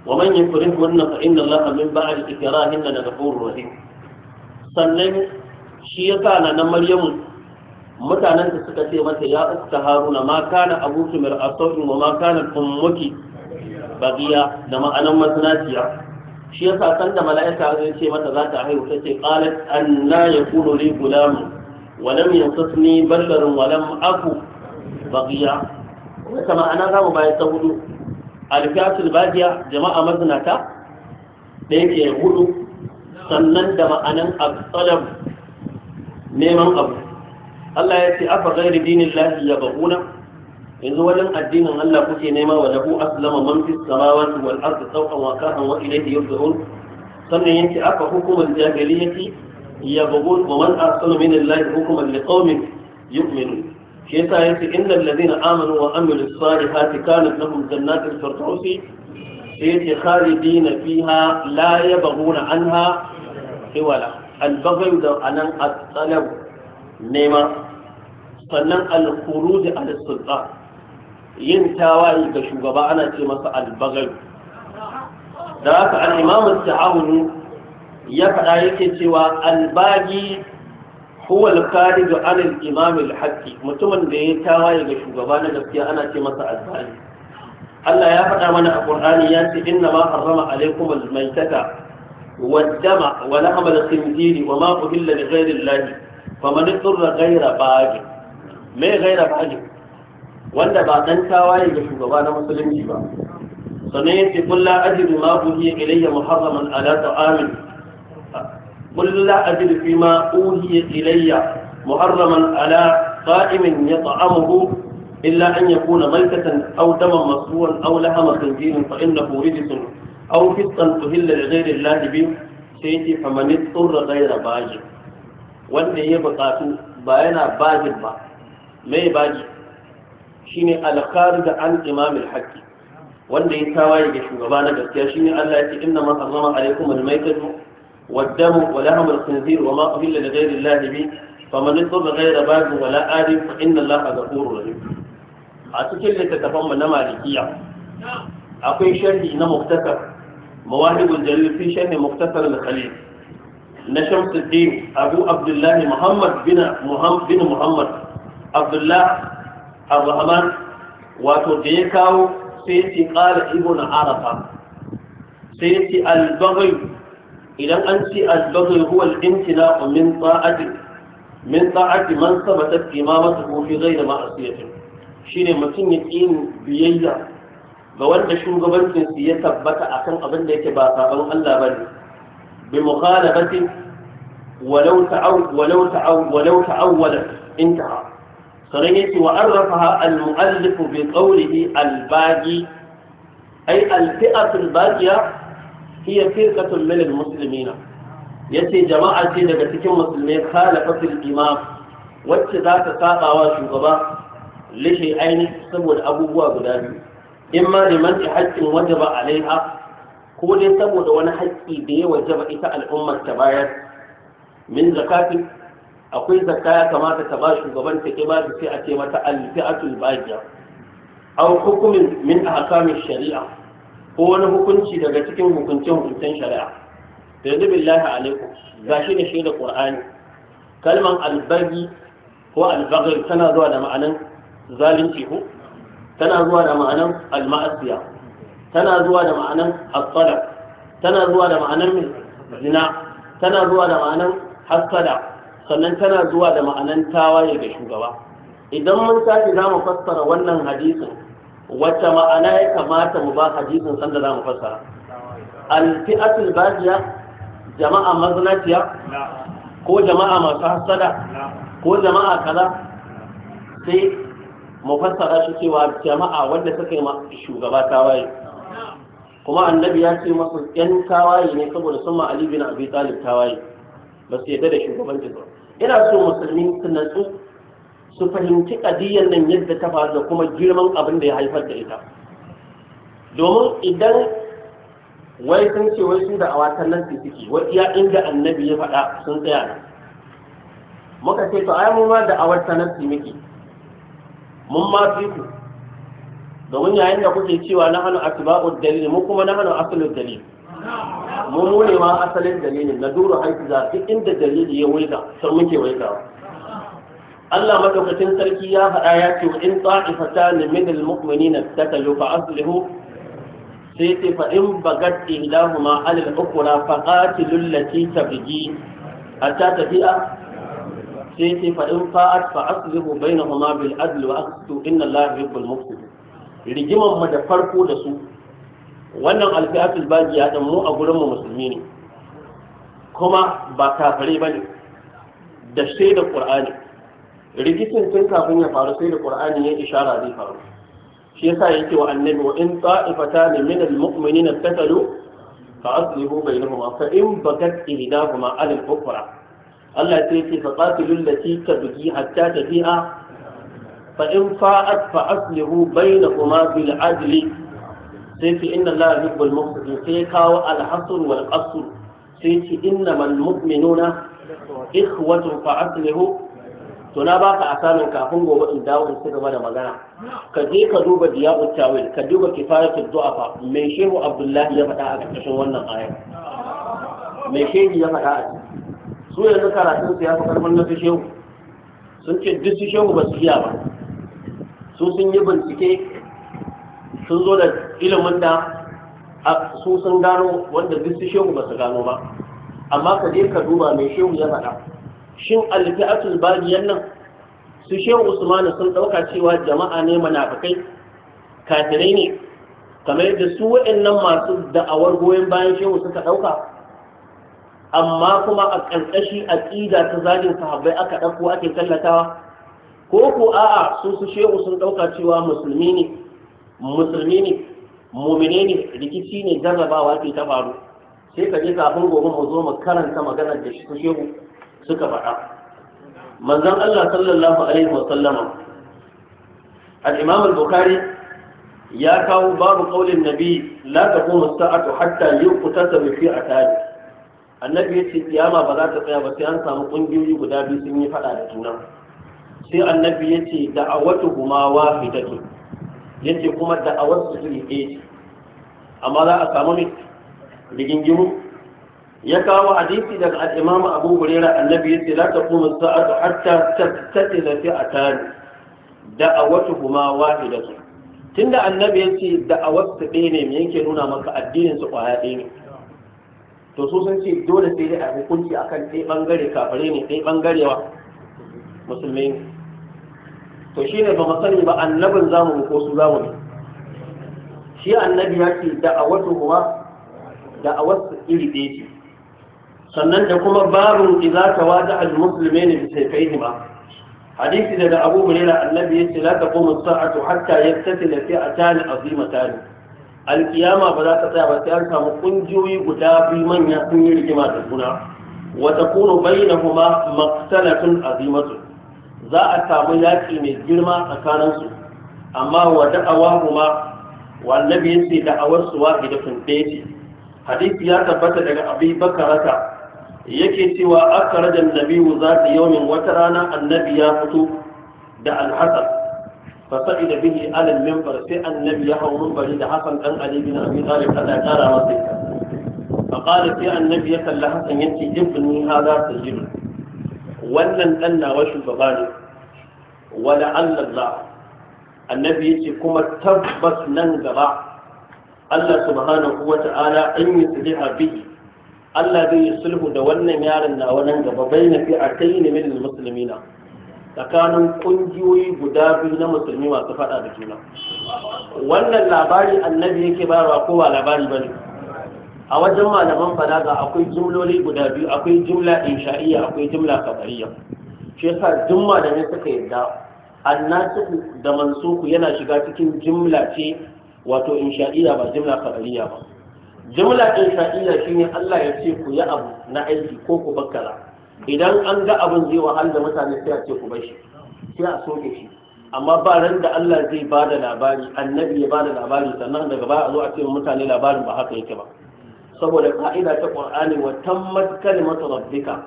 wa man wannan fa da Allah min ba'di ikrahinna ghafurur rahim sannan shi ya sa na na maryamu mutanen da suka ce masa ya uska haruna ma kana abu mir asawin wa ma kana ummuki bagiya da ma'anan masnaciya shi ya san da mala'ika zai ce mata za ta haihu ta ce, tace an na ya li ne wa walam ya sassani bangarin walam aku bagiya wata ma'ana za mu bayar ta hudu alfiyatul bagiya jama'a mazinata ɗaya ke hudu sannan da ma'anan absalam neman abu Allah ya ce afa gairi dinin lahi ya bakuna yanzu wajen addinin Allah kuke nema wa lahu aslama man fi samawati wal ardi sawqan wa kahan wa ilayhi yurja'un sannan yake afa hukumul jahiliyyati ya bugun wa man aslama min Allah hukuman liqaumin yu'minun shi yasa yace innal ladina amanu wa amilus salihati kanat lahum jannatul firdausi sai yace khalidina fiha la yabghuna anha al'iwala albagai da anan atsalau nema sannan alkuru da alisulta yin tawaye ga shugaba ana ce masa albagai da haka al'imamun ta'awunu ya faɗa yake cewa albagi huwal kari da anil imamil haƙƙi mutumin da ya tawaye ga shugaba na gaskiya ana ce masa albagi Allah ya faɗa mana a ƙurani ya ce inna ma harrama alaikum maitata والدم ولحم الخنزير وما أهل لغير الله فمن اضطر غير باج ما غير باج wanda ba dan tawaye ga shugaba na musulunci ba sannan yace qul la ajidu ma uhiya ilayya muharraman ala ta'amin qul la ajidu fi ma uhiya ilayya muharraman ala qa'imin yat'amuhu illa an yakuna maytatan aw daman masruwan aw lahama khinzirin fa innahu rijsun aw fitan tuhilla li ghairi Allah bi sai yace famanit turra ghaira baji wanda ya buƙatu ba yana baji ba mai baji shine al-kharij an imam al-haqqi wanda ya tawaye ga shugaba na gaskiya shine Allah ya ce inna ma harrama alaikum al-maytatu wad-damu wa lahmu al wa ma uhilla li ghairi Allah bi a cikin littattafan na malikiya akwai sharhi na muktasar مواهب الجليل في شرح مختصر الخليل نشمس الدين أبو عبد الله محمد بن محمد بن محمد عبد الله الرحمن وتديكاو سيتي قال ابن عرفة سيتي البغي إذا أنت البغي هو الامتناع من طاعة من طاعة من ثبتت إمامته في غير معصية شيء متين بيئة ga wanda shugabancinsu ya tabbata akan abin da yake ba saban Allah ne, bi mukhalafati ba ce walau ta'aw walau ta'awwala intaha sanan yace wa arrafaha al-mu'allif bi qawlihi al-baqi ay al-fi'atu al-baqiya hiya firqatun min al Ya ce jama'a ce daga cikin musulmai khalafatul imam wacce za ta saba wa shugaba lishe ainihi saboda abubuwa guda biyu in ma haƙƙin wajaba alaiha ko dai saboda wani haƙƙi da ya wajaba ita al'ummar ta bayar min zakati akwai zakka ya kamata ta ba shugaban ta ke ba sai a ce mata alfi'atul bajiya aw hukumin min hakamin shari'a ko wani hukunci daga cikin hukuncin hukuncin shari'a da yanzu billahi alaikum gashi da shaida qur'ani kalman albagi ko albagir tana zuwa da ma'anin zalunci ko tana zuwa da ma'anan al-ma'asiya tana zuwa da ma'anan as-salaf tana zuwa da ma'anan zina tana zuwa da ma'anan hasada sannan tana zuwa da ma'anan tawaye ga shugaba idan mun tashi za mu fassara wannan hadisin wacce ma'ana ya kamata mu ba hadisin sanda za mu fassara al-fi'atul bajiya jama'a maznatiya ko jama'a masu hasada ko jama'a kaza sai mu shi cewa jama'a wanda suka yi ma shugaba tawaye kuma annabi ya ce masu yan tawaye ne saboda sun ma ali abin abi talib tawaye ba su yadda da shugabanci ba ina so musulmi su natsu su fahimci kadiyyar nan yadda ta faru da kuma girman abin da ya haifar da ita domin idan wai sun ce wai su da awatan nan su suke wai iya inda annabi ya faɗa sun tsaya muka ce to ai mu ma da awatan nan su muke mun ma fi ku domin yayin da kuke cewa na hannu atiba'ud dalilin mu kuma na hannu asalin dalilin. mu mune ma asalin dalilin na duru haiti za duk inda dalili ya wulga sai muke waiga Allah madaukakin sarki ya faɗa ya ce wa in ne min al na tatalu lufa aslihu sai ce fa in bagat ihdahuma ala al-ukhra fa qatilul lati a ta tafiya. sai yake faɗin fa'ad fa aslihu bainahuma bil adl wa aqsitu inna allaha yuhibbul muqsitin rigiman mu da farko da su wannan alfi'atul bajiya din mu a gurin mu musulmi ne kuma ba kafare bane da sai da qur'ani rigicin tun kafin ya faru sai da qur'ani ya ishara zai faru shi yasa yake wa annabi wa in ta'ifatan min al-mu'minina tatalu fa aslihu bainahuma fa in bagat ihdahuma 'ala al-ukhra Allah sai ce fa qatilul lati tabghi hatta tafi'a fa in fa'at fa aslihu bainakuma bil adli sai ce inna Allah yuhibbul muqsitin sai kawo al hasr wal qasr sai ce innamal mu'minuna ikhwatun fa aslihu to na baka asamin kafin gobe in dawo in ci gaba da magana ka je ka duba diya'u tawil ka duba kifayatul du'afa mai shehu abdullahi ya faɗa a ƙarƙashin wannan aya mai shehu ya faɗa a su yanzu karatun su ya fi karfin na su shehu sun ce duk su shehu ba su iya ba su sun yi bincike sun zo da ilimin da su sun gano wanda duk su shehu ba su gano ba amma ka je ka duba mai shehu ya faɗa shin alfi'atul badiyan nan su shehu usmanu sun ɗauka cewa jama'a ne munafikai kafirai ne kamar yadda su waɗannan masu da'awar goyon bayan shehu suka ɗauka amma kuma a ƙarƙashi aƙida ta zagin sahabbai aka ɗauko ake tallatawa ko ko a'a sun su shehu sun ɗauka cewa musulmi ne musulmi ne mumine ne rikici ne jarrabawa ke ta faru sai ka je kafin gobe mu zo mu karanta maganar da su shehu suka faɗa manzon Allah sallallahu alaihi wa sallama al-Imam al-Bukhari ya kawo babu qaulin nabi la taqumu as-sa'atu hatta yuqtasa bi annabi ya ce kiyama ba za ta tsaya ba sai an samu ƙungiyoyi guda biyu sun yi faɗa da juna sai annabi ya ce da'awatu huma wahidatu ya ce kuma da a wasu su yi ɗaya ce amma za a samu ne rigingimu ya kawo hadisi daga al Abu Hurairah annabi yace ta kuma sa'atu hatta tattatila fi atan da'awatuhuma Tun tunda annabi yace a su ɗaya ne mai yake nuna maka addinin su kwaya ɗaya ne to so sun ce dole sai dai a hukunci akan ɗaya ɓangare kafare ne ɗaya ɓangare wa musulmi ne to shi ne ba Masani sani ba annabin zamu ko su zamu ne shi annabi ya ce da a da'awatu kuma wasu iri ɗaya ce sannan da kuma babun ta wata al bisa bi sayfihi ba hadisi daga Abu Hurairah annabi ya ce za ta as-sa'atu hatta a fi'atan azimatan alkiyama ba za ta tsaya ba sai an samu kungiyoyi guda biyu manya sun yi rigima da juna wa takunu bainahuma maqtalatun azimatu za a samu yaki mai girma tsakaninsu su amma wa da'awahuma wa annabi yace da'awar su wahidatun ɗaya ce hadisi ya tabbata daga abi bakarata yake cewa akarajan nabiyyu zata yawmin wata rana annabi ya fito da alhasan فصعد به على المنبر سئ النبي يهو منبر إذا حسن أن علي بن أبي طالب ألا ترى وصيك فقال سئ النبي يكل حسن ينتي ابني هذا سجن ولن أن وشو بغاني ولعل الله النبي يتي كما تبس ننقرع الله سبحانه وتعالى أن يصلح به Allah zai yi sulhu da wannan yaron na wannan gaba bai na fi a kai ne min musulmina tsakanin ƙungiyoyi guda biyu na musulmi masu faɗa da juna wannan labari annabi yake bayarwa ko ba labari ba ne a wajen malaman balaga akwai jimloli guda biyu akwai jimla insha'iyya akwai jimla kabariya shi yasa duk malamai suka yadda annasu da mansuku yana shiga cikin jimla ce wato insha'iyya ba jimla kabariya ba jimla insha'iyya shine Allah ya ce ku yi abu na aiki ko ku bakkala idan an ga abin zai wahala da mutane sai a ce ku bashi sai a soke shi amma ba ran da Allah zai ba da labari annabi ya ba da labari sannan daga baya a zo a ce mutane labarin ba haka yake ba saboda ka'ida ta qur'ani wa tammat kalimatu rabbika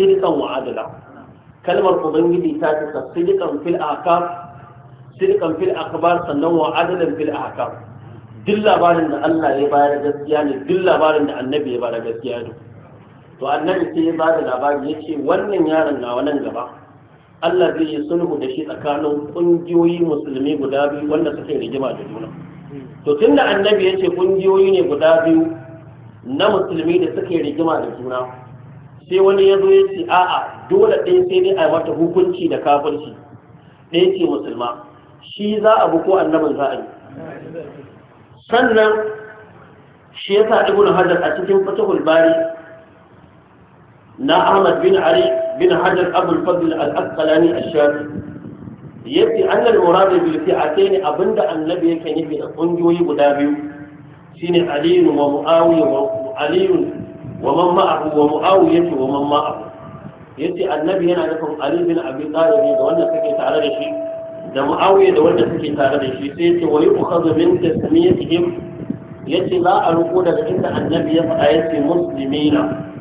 sidqan wa adla kalmar ubangiji ta cika sidqan fil ahkam sidqan fil akhbar sannan wa adlan fil duk labarin da Allah ya bayar gaskiya ne duk labarin da annabi ya bayar gaskiya ne to annabi sai ya bada labari ya ce wannan yaron na wannan gaba Allah zai yi sulhu da shi tsakanin ƙungiyoyi musulmi guda biyu wanda suke rigima da juna to tunda annabi ya ce ƙungiyoyi ne guda biyu na musulmi da suke rigima da juna sai wani ya zo ya ce a'a dole ɗaya sai dai a mata hukunci da kafirci ɗaya ce musulma shi za a bi ko annabin za a yi sannan shi yasa ibnu hajar a cikin fatahul bari na Ahmad bin Ali bin Hajar Abdul Fadl al-Asqalani al-Shafi yace annal murad bil fi'atayn abinda annabi yake nufi da ƙungiyoyi guda biyu shine Ali wa Muawiya wa Ali wa man ma'ahu wa mu'awiyu Muawiya wa man ma'ahu yace annabi yana nufin Ali bin Abi Talib da wanda suke tare da shi da Muawiya da wanda suke tare da shi sai yace wa yu'khadhu min tasmiyatihim yace za a ruko daga inda annabi ya faɗa yace muslimina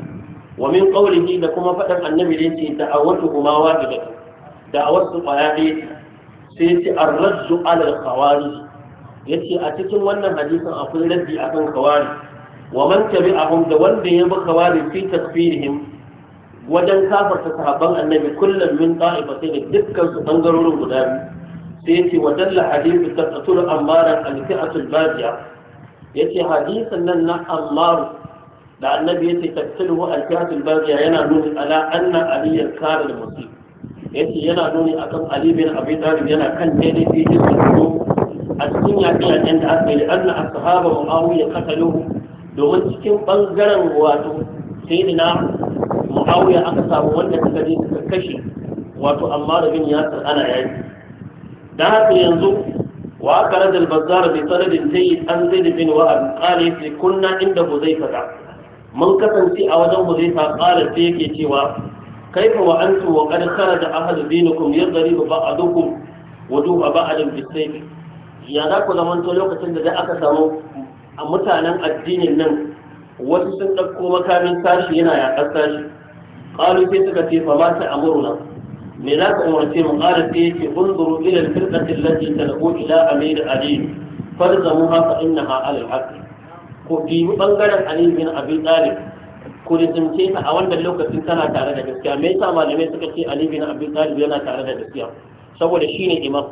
wa min qawlihi da kuma faɗan annabi da yace da'awatuhuma wahidatu da'awatu qayadi sai yace ar-raddu 'ala al-khawarij yace a cikin wannan hadisin akwai raddi akan kawari. wa man tabi'ahum da wanda ya bi khawari fi tasfirihim wajen kafarta sahabban annabi kullum min da dukkan su bangarorin guda biyu sai yace wa dalla hadithu tatul ammaran al-fi'atul bajiya yace hadisin nan na ammaru da annabi ya yace taqtiluhu al-kafir baghiya yana nuni ala anna aliyya kare da muslim yace yana nuni akan ali bin abi talib yana kan daidai da yake so a cikin yaƙe-yaƙen da aka yi anna ashaba muawiya qataluhu domin cikin bangaren wato sai na muawiya aka samu wanda suka je suka kashe wato amma da bin yasir ana yayi da haka yanzu wa aka rajal bazzara bi sanadin sayyid an zaid bin wa'ad qala yace kunna inda huzaifa mun kasance a wajen mu zai fa ƙara sai yake cewa kaifa wa antu wa qad kharaja ahadu dinikum yadribu ba'dukum wuduha ba'dan bisayf ya za ku zamanta lokacin da aka samu a mutanen addinin nan wasu sun ɗauko makamin tashi yana yaƙar tashi ƙalu sai suka ce fa ma ta amuruna me za ka umarce mu ƙara sai yake unzuru ila alfirqati allati tad'u ila amir ali farzamu fa innaha ala alhaq ko dibi bangaren Ali Abin Abi ko da rizumce ta a wannan lokacin tana tare da gaskiya me yasa malamai suka ce Ali abin Abi yana tare da gaskiya saboda shi ne imam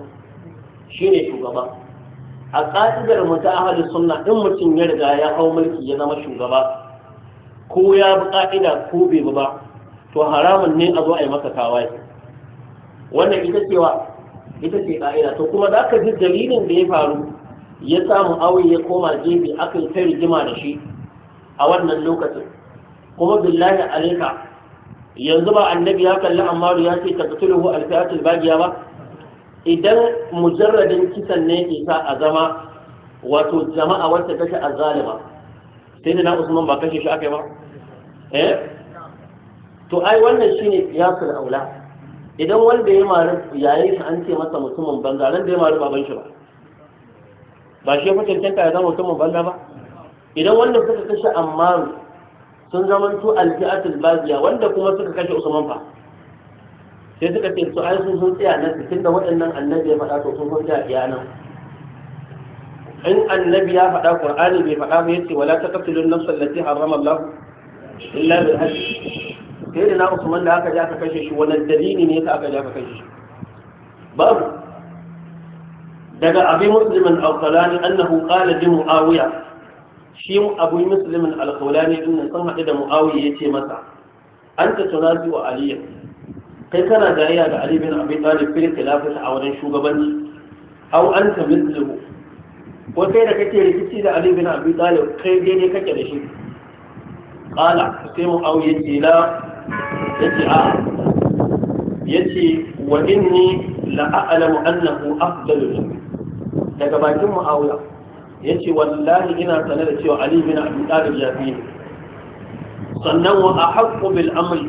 ne shugaba a ƙa'idar mu ta ahalin sunna in mutum ya riga ya hau mulki ya zama shugaba ko ya bi ƙa'ida ko bai bi ba to haramun ne a zo a yi masa tawaye wannan ita cewa ita ce ƙa'ida to kuma za ka ji dalilin da ya faru ya samu aure ya koma gefe aka yi ta rigima da shi a wannan lokacin kuma billahi alaika yanzu ba annabi ya kalli ammaru ya ce taqtuluhu alfiatul bagiya ba idan mujarradin kisan ne ke sa a zama wato jama'a wacce kashe azalima sai da na usman ba kashe shi aka ba eh to ai wannan shine qiyasul aula idan wanda ya mari yayin an ce masa mutumin banza ran da ya mari baban shi ba ba shi ya cancanta ya zama mutumin banza ba idan wannan suka kashe amma sun zamanto alfi'atul baziya wanda kuma suka kashe usman fa sai suka ce su ai sun sun tsaya nan cikin da waɗannan annabi ya faɗa to sun sun tsaya iya nan in annabi ya faɗa qur'ani bai faɗa ba yace wala taqtulun nafsal lati harrama Allah illa bil haqq sai da na usman da aka ja ka kashe shi wannan dalili ne yasa aka ja ka kashe shi babu daga abi muslimin alqalani annahu qala li muawiya shi abu muslimin alqalani din nan san hade da muawiya yace masa anta tunasi wa aliya kai kana dariya da ali bin abi talib fil khilafati a wurin shugabanci aw anta mithluhu ko kai da kake rikici da Ali bin Abi Talib kai daidai kake da shi qala sai mu au yace la yace a yace wa inni la a'lamu annahu afdalu daga bakin mu'awiya ya ce wallahi ina sanar da cewa ali bin abi talib ya fi sannan wa ahaqqu bil amri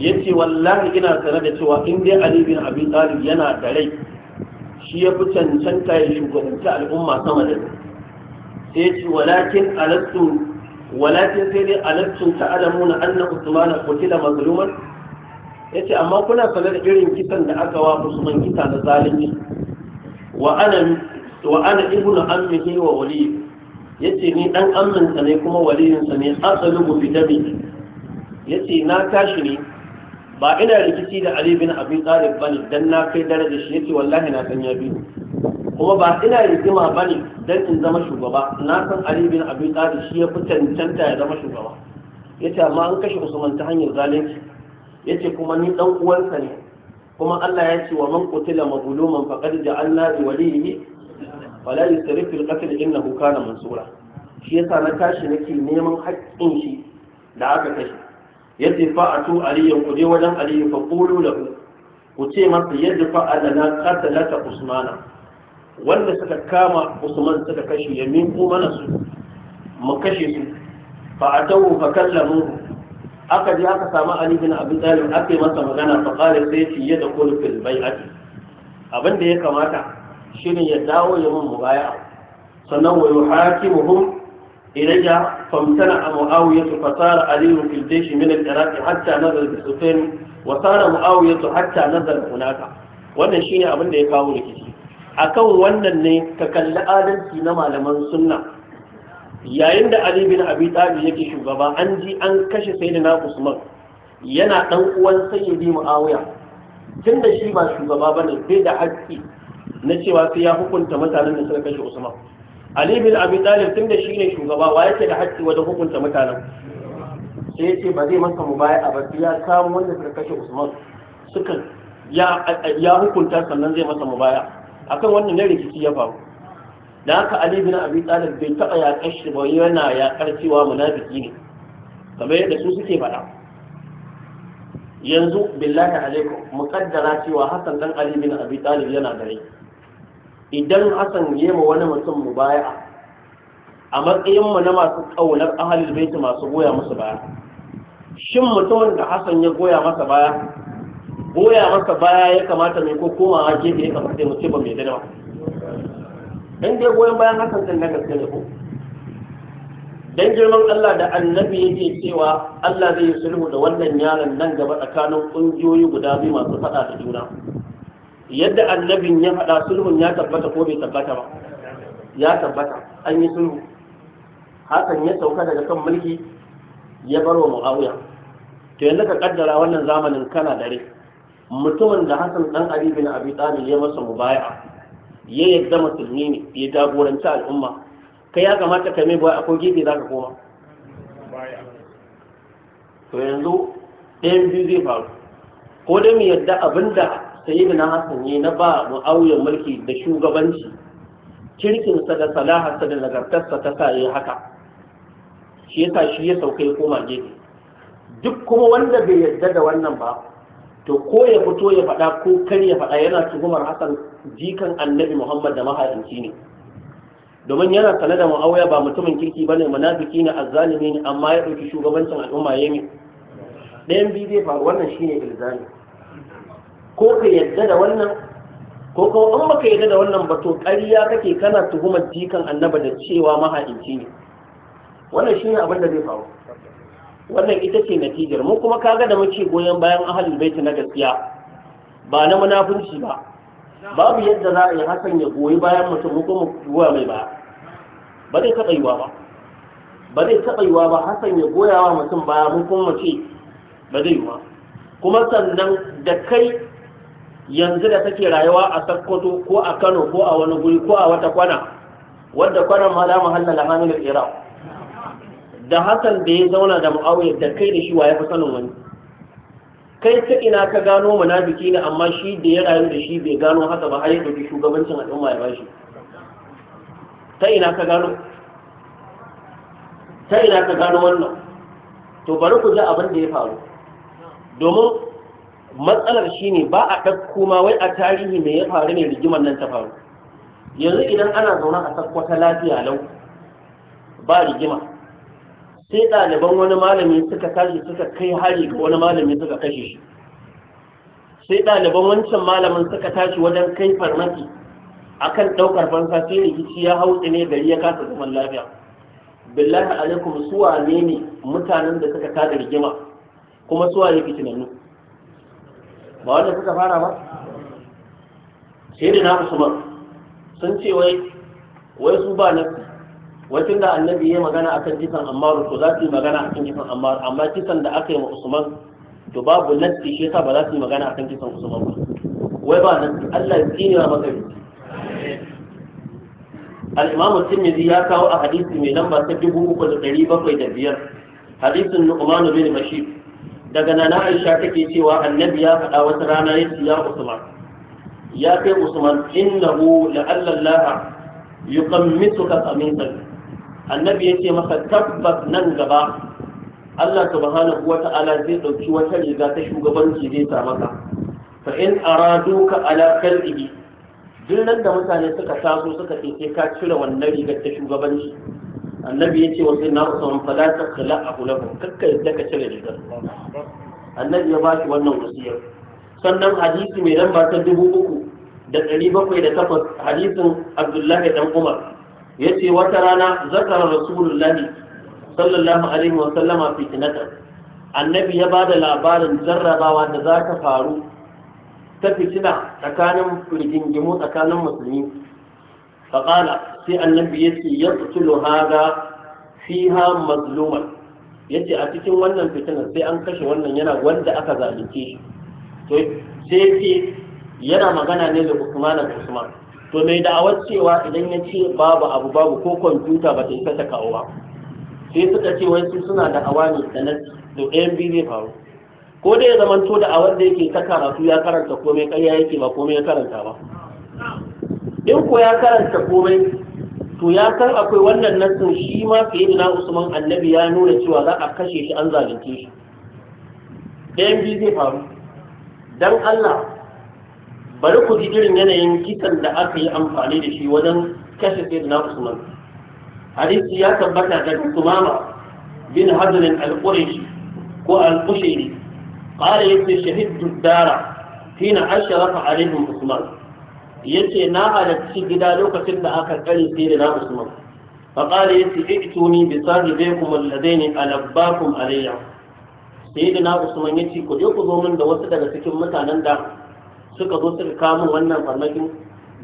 ya ce wallahi ina sanar da cewa in dai ali bin abi talib yana da rai shi ya fi cancanta ya shugabanci al'umma sama da sai ya ce walakin alastu walakin sai dai alastu ta'lamuna anna usmana qutila mazluman ya ce amma kuna sanar irin kisan da aka wa musulman kisa na zalunci wa ana to wa ana ibnu ammihi wa wali yace ni dan amminsa ne kuma waliyinsa ne asalubu fi dami yace na tashi ne ba ina rikici da Ali bin Abi Talib bane dan na kai darajar shi yace wallahi na san ya biyu kuma ba ina rigima bane dan in zama shugaba na san Ali bin Abi Talib shi ya fi cancanta ya zama shugaba yace amma an kashe Usman ta hanyar zalunci yace kuma ni dan uwansa ne kuma Allah ya ce wa man qutila mazluman faqad ja'alna li waliyhi wala yusrif fil qatl innahu kana mansura shi yasa na tashi nake neman haƙƙin shi da aka kashe yace fa atu aliyan ku je wajen aliyu fa qulu lahu ku ce masa yadda fa alana qatalata usmana wanda suka kama usman suka kashe ya minku mana su mu kashe su fa atawu fa kallamu aka je aka samu ali bin abi talib aka yi masa magana fa qala sai fi yadkhulu fil bai'ati abin da ya kamata shine ya dawo ya mun mubaya sannan wa yuhakimuhum ilayya famtana a mu'awiyatu fasara aliyu fil jaysh min al-iraq hatta nazar bi wa sara mu'awiyatu hatta nazar hunaka wannan shine abin da ya kawo rikici akan wannan ne ka kalli adalci na malaman sunna yayin da ali bin abi talib yake shugaba an ji an kashe sayyidina usman yana dan uwan sayyidi muawiya tunda shi ba shugaba bane bai da haƙƙi na cewa sai ya hukunta mutanen da suka kashe Usman Ali bin Abi Talib tunda shine shugaba wa yake da haƙƙi wajen hukunta mutanen sai ya ce ba zai masa mu ba sai ya kamo wanda suka kashe Usman suka ya ya hukunta sannan zai masa mubaya akan wannan ne rikici ya faru da haka Ali bin Abi Talib bai taɓa ya kashe ba yana ya cewa munafiki ne kamar yadda su suke faɗa yanzu billahi alaikum muqaddara cewa Hassan dan Ali bin Abi Talib yana da rai idan Hassan ya ma wani mutum mu baya, a matsayin mu na masu kaunar ahalil baiti masu goya musu baya shin mutumin da Hassan ya goya masa baya goya masa baya ya kamata mai ko komawa gefe ya kamata mu ce ba mai dana ba dan dai goyon bayan Hassan din na gaske ne ko dan girman Allah da annabi yake cewa Allah zai sulhu da wannan yaron nan gaba tsakanin kungiyoyi guda biyu masu fada da juna yadda annabin ya faɗa sulhun ya tabbata ko bai tabbata ba ya tabbata an yi sulhu hakan ya sauka daga kan mulki ya bar wa mu'awiya to yanzu ka kaddara wannan zamanin kana dare mutumin da hasan dan ali bin abi talib ya masa mubaya ya yadda musulmi ne ya jagoranci al'umma kai ya kamata ka mai baya akwai gefe zaka koma to yanzu ɗayan biyu zai faru ko dai mu yadda abinda na Hassan ne na ba Muawiya mulki da shugabanci sa da sa da nagartarsa ta sa haka shi yasa shi ya sauka ya koma gefe duk kuma wanda bai yarda da wannan ba to ko ya fito ya faɗa ko kar ya faɗa yana tuhumar Hassan jikan Annabi Muhammad da mahaifinci ne domin yana sane da Muawiya ba mutumin kirki bane munafiki ne azzalimi ne amma ya ɗauki shugabancin al'umma yayi ɗayan biyu zai faru wannan shine ilzami ko ka yadda da wannan ko kuma in baka yadda da wannan ba to ƙarya kake kana tuhumar jikan annaba da cewa mahaici ne wannan ne abin da zai faru wannan ita ce natijar mu kuma kaga da muke goyon bayan ahalin baiti na gaskiya ba na munafunci ba babu yadda za a yi hasan ya goyi bayan mutum ko mu goya mai baya ba zai taɓa yiwa ba ba zai taɓa yiwa ba hassan ya goya wa mutum baya mun kuma mace ba zai yiwa kuma sannan da kai yanzu da take rayuwa a sakkwato ko a kano ko a wani guri ko a wata kwana wadda kwanan ma la mahalla la hamilul da Hassan da ya zauna da mu'awiyar da kai da shi wa ya fi sanin wani kai ta ina ka gano munafiki ne amma shi da ya rayu da shi bai gano haka ba har ya shugabancin al'umma ya bashi ta ina ka gano ta ina ka gano wannan to bari ku ji abin da ya faru domin matsalar shine ba a ɗauko ma wai a tarihi mai ya faru ne rigimar nan ta faru yanzu idan ana zaune a sakkwata lafiya lau ba rigima sai ɗaliban wani malami suka tashi suka kai hari ga wani malami suka kashe shi sai ɗaliban wancan malamin suka tashi wajen kai farmaki akan ɗaukar fansa sai rikici ya hau ne gari ya kasa zaman lafiya billahi alaikum suwa ne ne mutanen da suka tada rigima kuma suwa ne fitinannu ba wanda suka fara ba sai da na usman sun ce wai wai su ba na wai tun da annabi ya magana akan kisan Ammaru to za su yi magana akan kisan Ammaru, amma kisan da aka yi wa usman to babu nasti shi yasa ba za su yi magana akan kisan usman ba wai ba nasti Allah ya tsini wa magari al-imam at ya kawo a hadisi mai lamba ta 3705 hadisin nu'man bin bashir daga nana aisha take cewa annabi ya faɗa wata rana ya ya usman ya kai usman innahu la'alla allah yuqammituka qamisan annabi yace masa tabbas nan gaba Allah subhanahu wata'ala zai dauki wata riga ta shugabanci zai sa maka fa in araduka ala qalbihi duk nan da mutane suka taso suka ce ka cire wannan rigar ta shugabanci annabi ya ce wa sai na usman fala ta khala abu lahu kakka da ka cire rigar annabi ya ba shi wannan wasiyar sannan hadisi mai lamba ta dubu uku da ɗari bakwai da takwas hadisin abdullahi dan umar ya ce wata rana zakara rasulullahi sallallahu alaihi wa sallama fitinata annabi ya ba da labarin jarrabawa da za ta faru ta fitina tsakanin rigingimu tsakanin musulmi faƙala sai annabi ya ce ya tsutulu haga ha mazluman ya ce a cikin wannan fitinar sai an kashe wannan yana wanda aka zalunce shi to sai ce yana magana ne da usman usman to mai da'awar cewa idan ya ce babu abu babu ko kwamfuta ba ta yi ta kawo ba sai suka ce wai suna da awa ne da nasi to ɗayan zai faru ko dai ya zamanto da awar da yake ta karatu ya karanta komai ya yake ba komai ya karanta ba in ko ya karanta komai to ya san akwai wannan nassin shi ma fiye da usman annabi ya nuna cewa za a kashe shi an zalunce shi ɗayan biyu zai faru Dan allah bari ku ji irin yanayin kisan da aka yi amfani da shi wajen kashe fiye da usman hadisi ya tabbata da sumama bin hadarin al-qurayshi ko alƙushiri ƙara yasi shahid dara hina asharafa alaihim usman Ya ce na halarci gida lokacin da aka tsare sai da na Usman ya ce فقال يتئتوني بصاحبكم الذين ألباكم علي سيدنا عثمان yace ku je ku zo min da wasu daga cikin mutanen da suka zo suka kawo wannan farmakin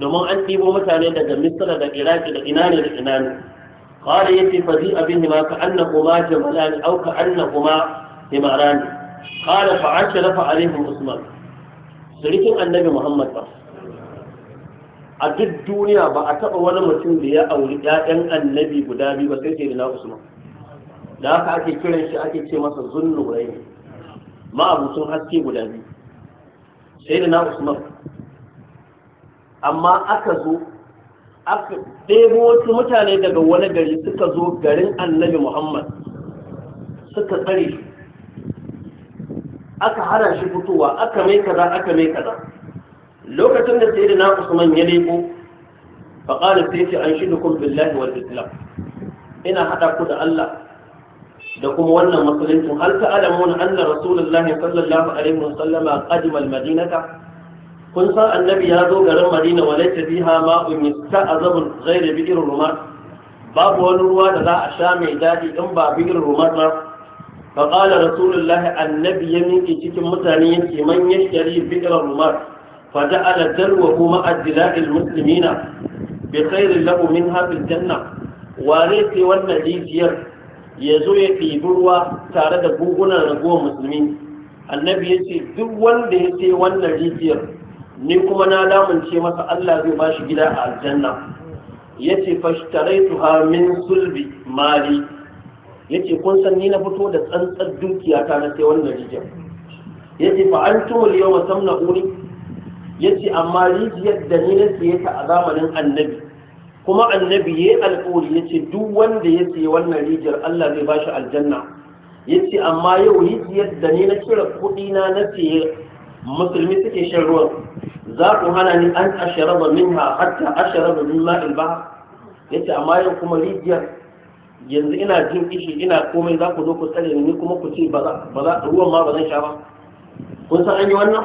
domin an ɗibo mutane daga Misira da Iraki da ina ne da ina ne qala yace fa zi abin ma ka annahuma jamalan au ka himara ne. Ƙara fa ashrafa alaihim Usman surikin annabi Muhammad ba a duk duniya ba a taɓa wani mutum da ya auri ‘ya'yan annabi guda biyu ba sai sai da na usman da haka ake kiran shi ake ce masa zunnurai ne ma'abucin haske guda biyu sai da na usman amma aka zo aka ɗebo wasu mutane daga wani gari suka zo garin annabi muhammad suka tsare shi aka hana shi fitowa aka mai kaza aka mai kaza lokacin da sai da na usman ya leko faƙali sai ce an shi dukkan billahi wal islam ina haɗa ku da allah da kuma wannan musuluncin hal ta alamun anna rasulullahi sallallahu alaihi a qadima madinata? kun san annabi ya zo garin madina walaita ta azabin zai da bi'ir rumat babu wani ruwa da za a sha mai daɗi in ba birin rumar ba fa qala rasulullahi annabi ya miƙe cikin mutane yake man yashtari bi'ir rumar فجعل الدلو مع الدلاء المسلمين بخير له منها في الجنة وريت والنجيجير يزوي في بروا تارد بوغنا رقوة مسلمين النبي يسي دوان ليسي والنجيجير نيكم أنا لا من شيء مسا الله بباش قلاء الجنة yace fashtaraytuha min sulbi mali yace kun san ni na fito da tsantsar dukiya ta na sai wannan rijiyar yace fa antum al-yawma tamna'uni yace amma rijiyar da ni na siye ta a zamanin annabi kuma annabi yayi alƙawari yace duk wanda ya siye wannan rijiyar Allah zai bashi aljanna yace amma yau rijiyar da ni na cire kuɗina na na siye musulmi suke shan ruwan za ku hana ni an min minha hatta asharaba min ma'il Ya ce amma yau kuma rijiyar yanzu ina jin kishi ina komai za ku zo ku tsare ni kuma ku ce ba za ruwan ma ba zan sha ba kun san an yi wannan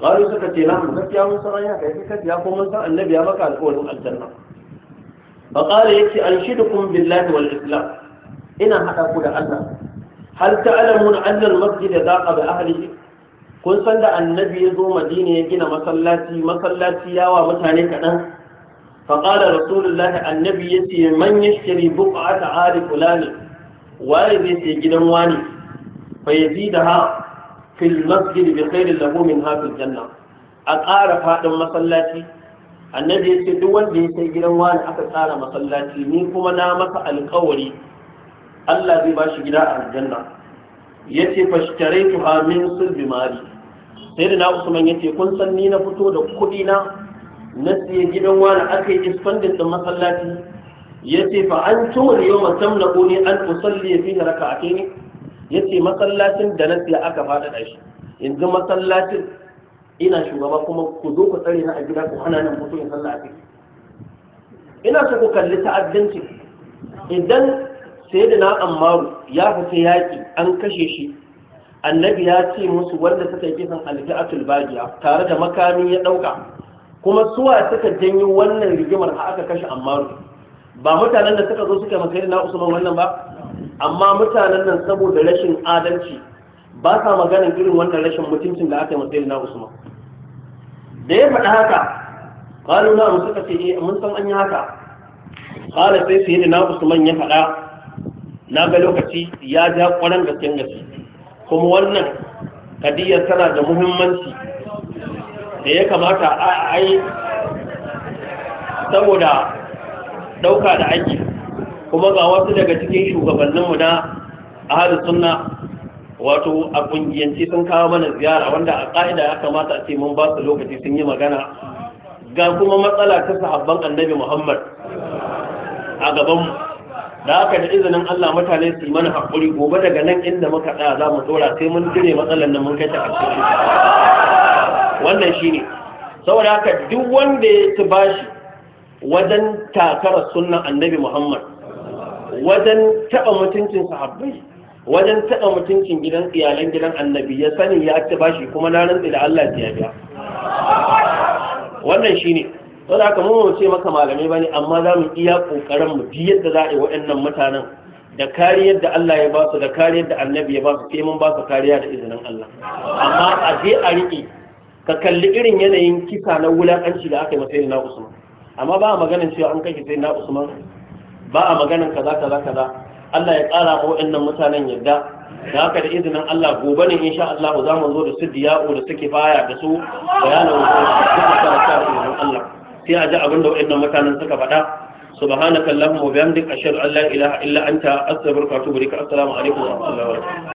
qalu suka ce na gaskiya mun san ya kai kai ya ko mun annabi ya maka alƙawarin aljanna fa qala yace anshidukum billahi wal islam ina hada ku da Allah hal ta'lamuna anna al masjid daqa bi ahlihi kun san da annabi ya zo madina ya gina masallaci masallaci yawa mutane kaɗan faƙalar rasulullahi annabi ya ce man ya shiri buƙa ta ari fulani waye zai ce gidan wani bai zi da ha fil masjid bi khairin lahu min hafil janna a ƙara faɗin masallaci annabi ya ce duk wanda ya sai gidan wani aka tsara masallaci ni kuma na masa alƙawari Allah zai bashi gida a aljanna yace fashtaraitu min sulbi mali sai da na usman yace kun san ni na fito da kuɗi na na siye gidan wani aka yi expanding da masallaci yace fa an tuwal yawma tamnaquni an usalli fihi raka'atayn yace masallacin da na siya aka faɗaɗa shi yanzu masallacin ina shugaba kuma ku zo ku tsare na a gida ku hana nan mutum ya sallah a ciki ina so ku kalli ta'addanci idan sayyidina ammaru ya fita yaki an kashe shi annabi ya ce musu wanda suka yi kisan alfi'atul bajiya tare da makami ya ɗauka, kuma suwa suka janyo wannan rigimar har aka kashe ammaru ba mutanen da suka zo suka maka na usman wannan ba amma mutanen nan saboda rashin adalci ba sa maganin irin wannan rashin mutuncin da aka yi matsayin na usman da ya faɗi haka kalu na musu suka ce eh, mun san an yi haka kala sai sai da na usman ya faɗa na ga lokaci ya ja ƙwaran gasken gaske kuma wannan kadiyar tana da muhimmanci da ya kamata a yi saboda ɗauka da aiki kuma ga wasu daga cikin shugabanninmu na ahalus sunna wato a kungiyance sun kawo mana ziyara wanda a ƙa'ida ya kamata a ce mun ba su lokaci sun yi magana ga kuma matsala ta sahabban annabi muhammad a gabanmu da haka da izinin allah mutane su yi mana haƙuri gobe daga nan inda muka tsaya za mu tsora sai mun cire matsalar nan mun kai a ƙarshe wannan shine saboda haka duk wanda ya ci bashi wajen takarar sunnan annabi muhammad wajen taɓa mutuncin sahabbai wajen taɓa mutuncin gidan iyalan gidan annabi ya sani ya ci bashi kuma na rantsi da Allah ya biya wannan shine to da haka mun ce maka malamai bane amma za mu iya kokarin mu bi yadda za a yi waɗannan mutanen da kariyar da Allah ya ba su da kariyar da annabi ya ba su sai mun ba su kariya da izinin Allah amma a je a riƙe ka kalli irin yanayin kisa na wulakanci da aka yi masa na Usman amma ba a maganin cewa an kai sai na Usman ba a maganin kaza kaza kaza Allah ya ƙara wa waɗannan mutanen yadda da haka da izinin Allah gobe ne insha Allah za mu zo da su diya'u da suke baya da su bayanan wasu Allah sai a ji abin da waɗannan mutanen suka faɗa subhanakallahumma wa bihamdika ashhadu an la ilaha illa anta astaghfiruka wa atubu ilaik assalamu alaikum wa rahmatullahi wa barakatuh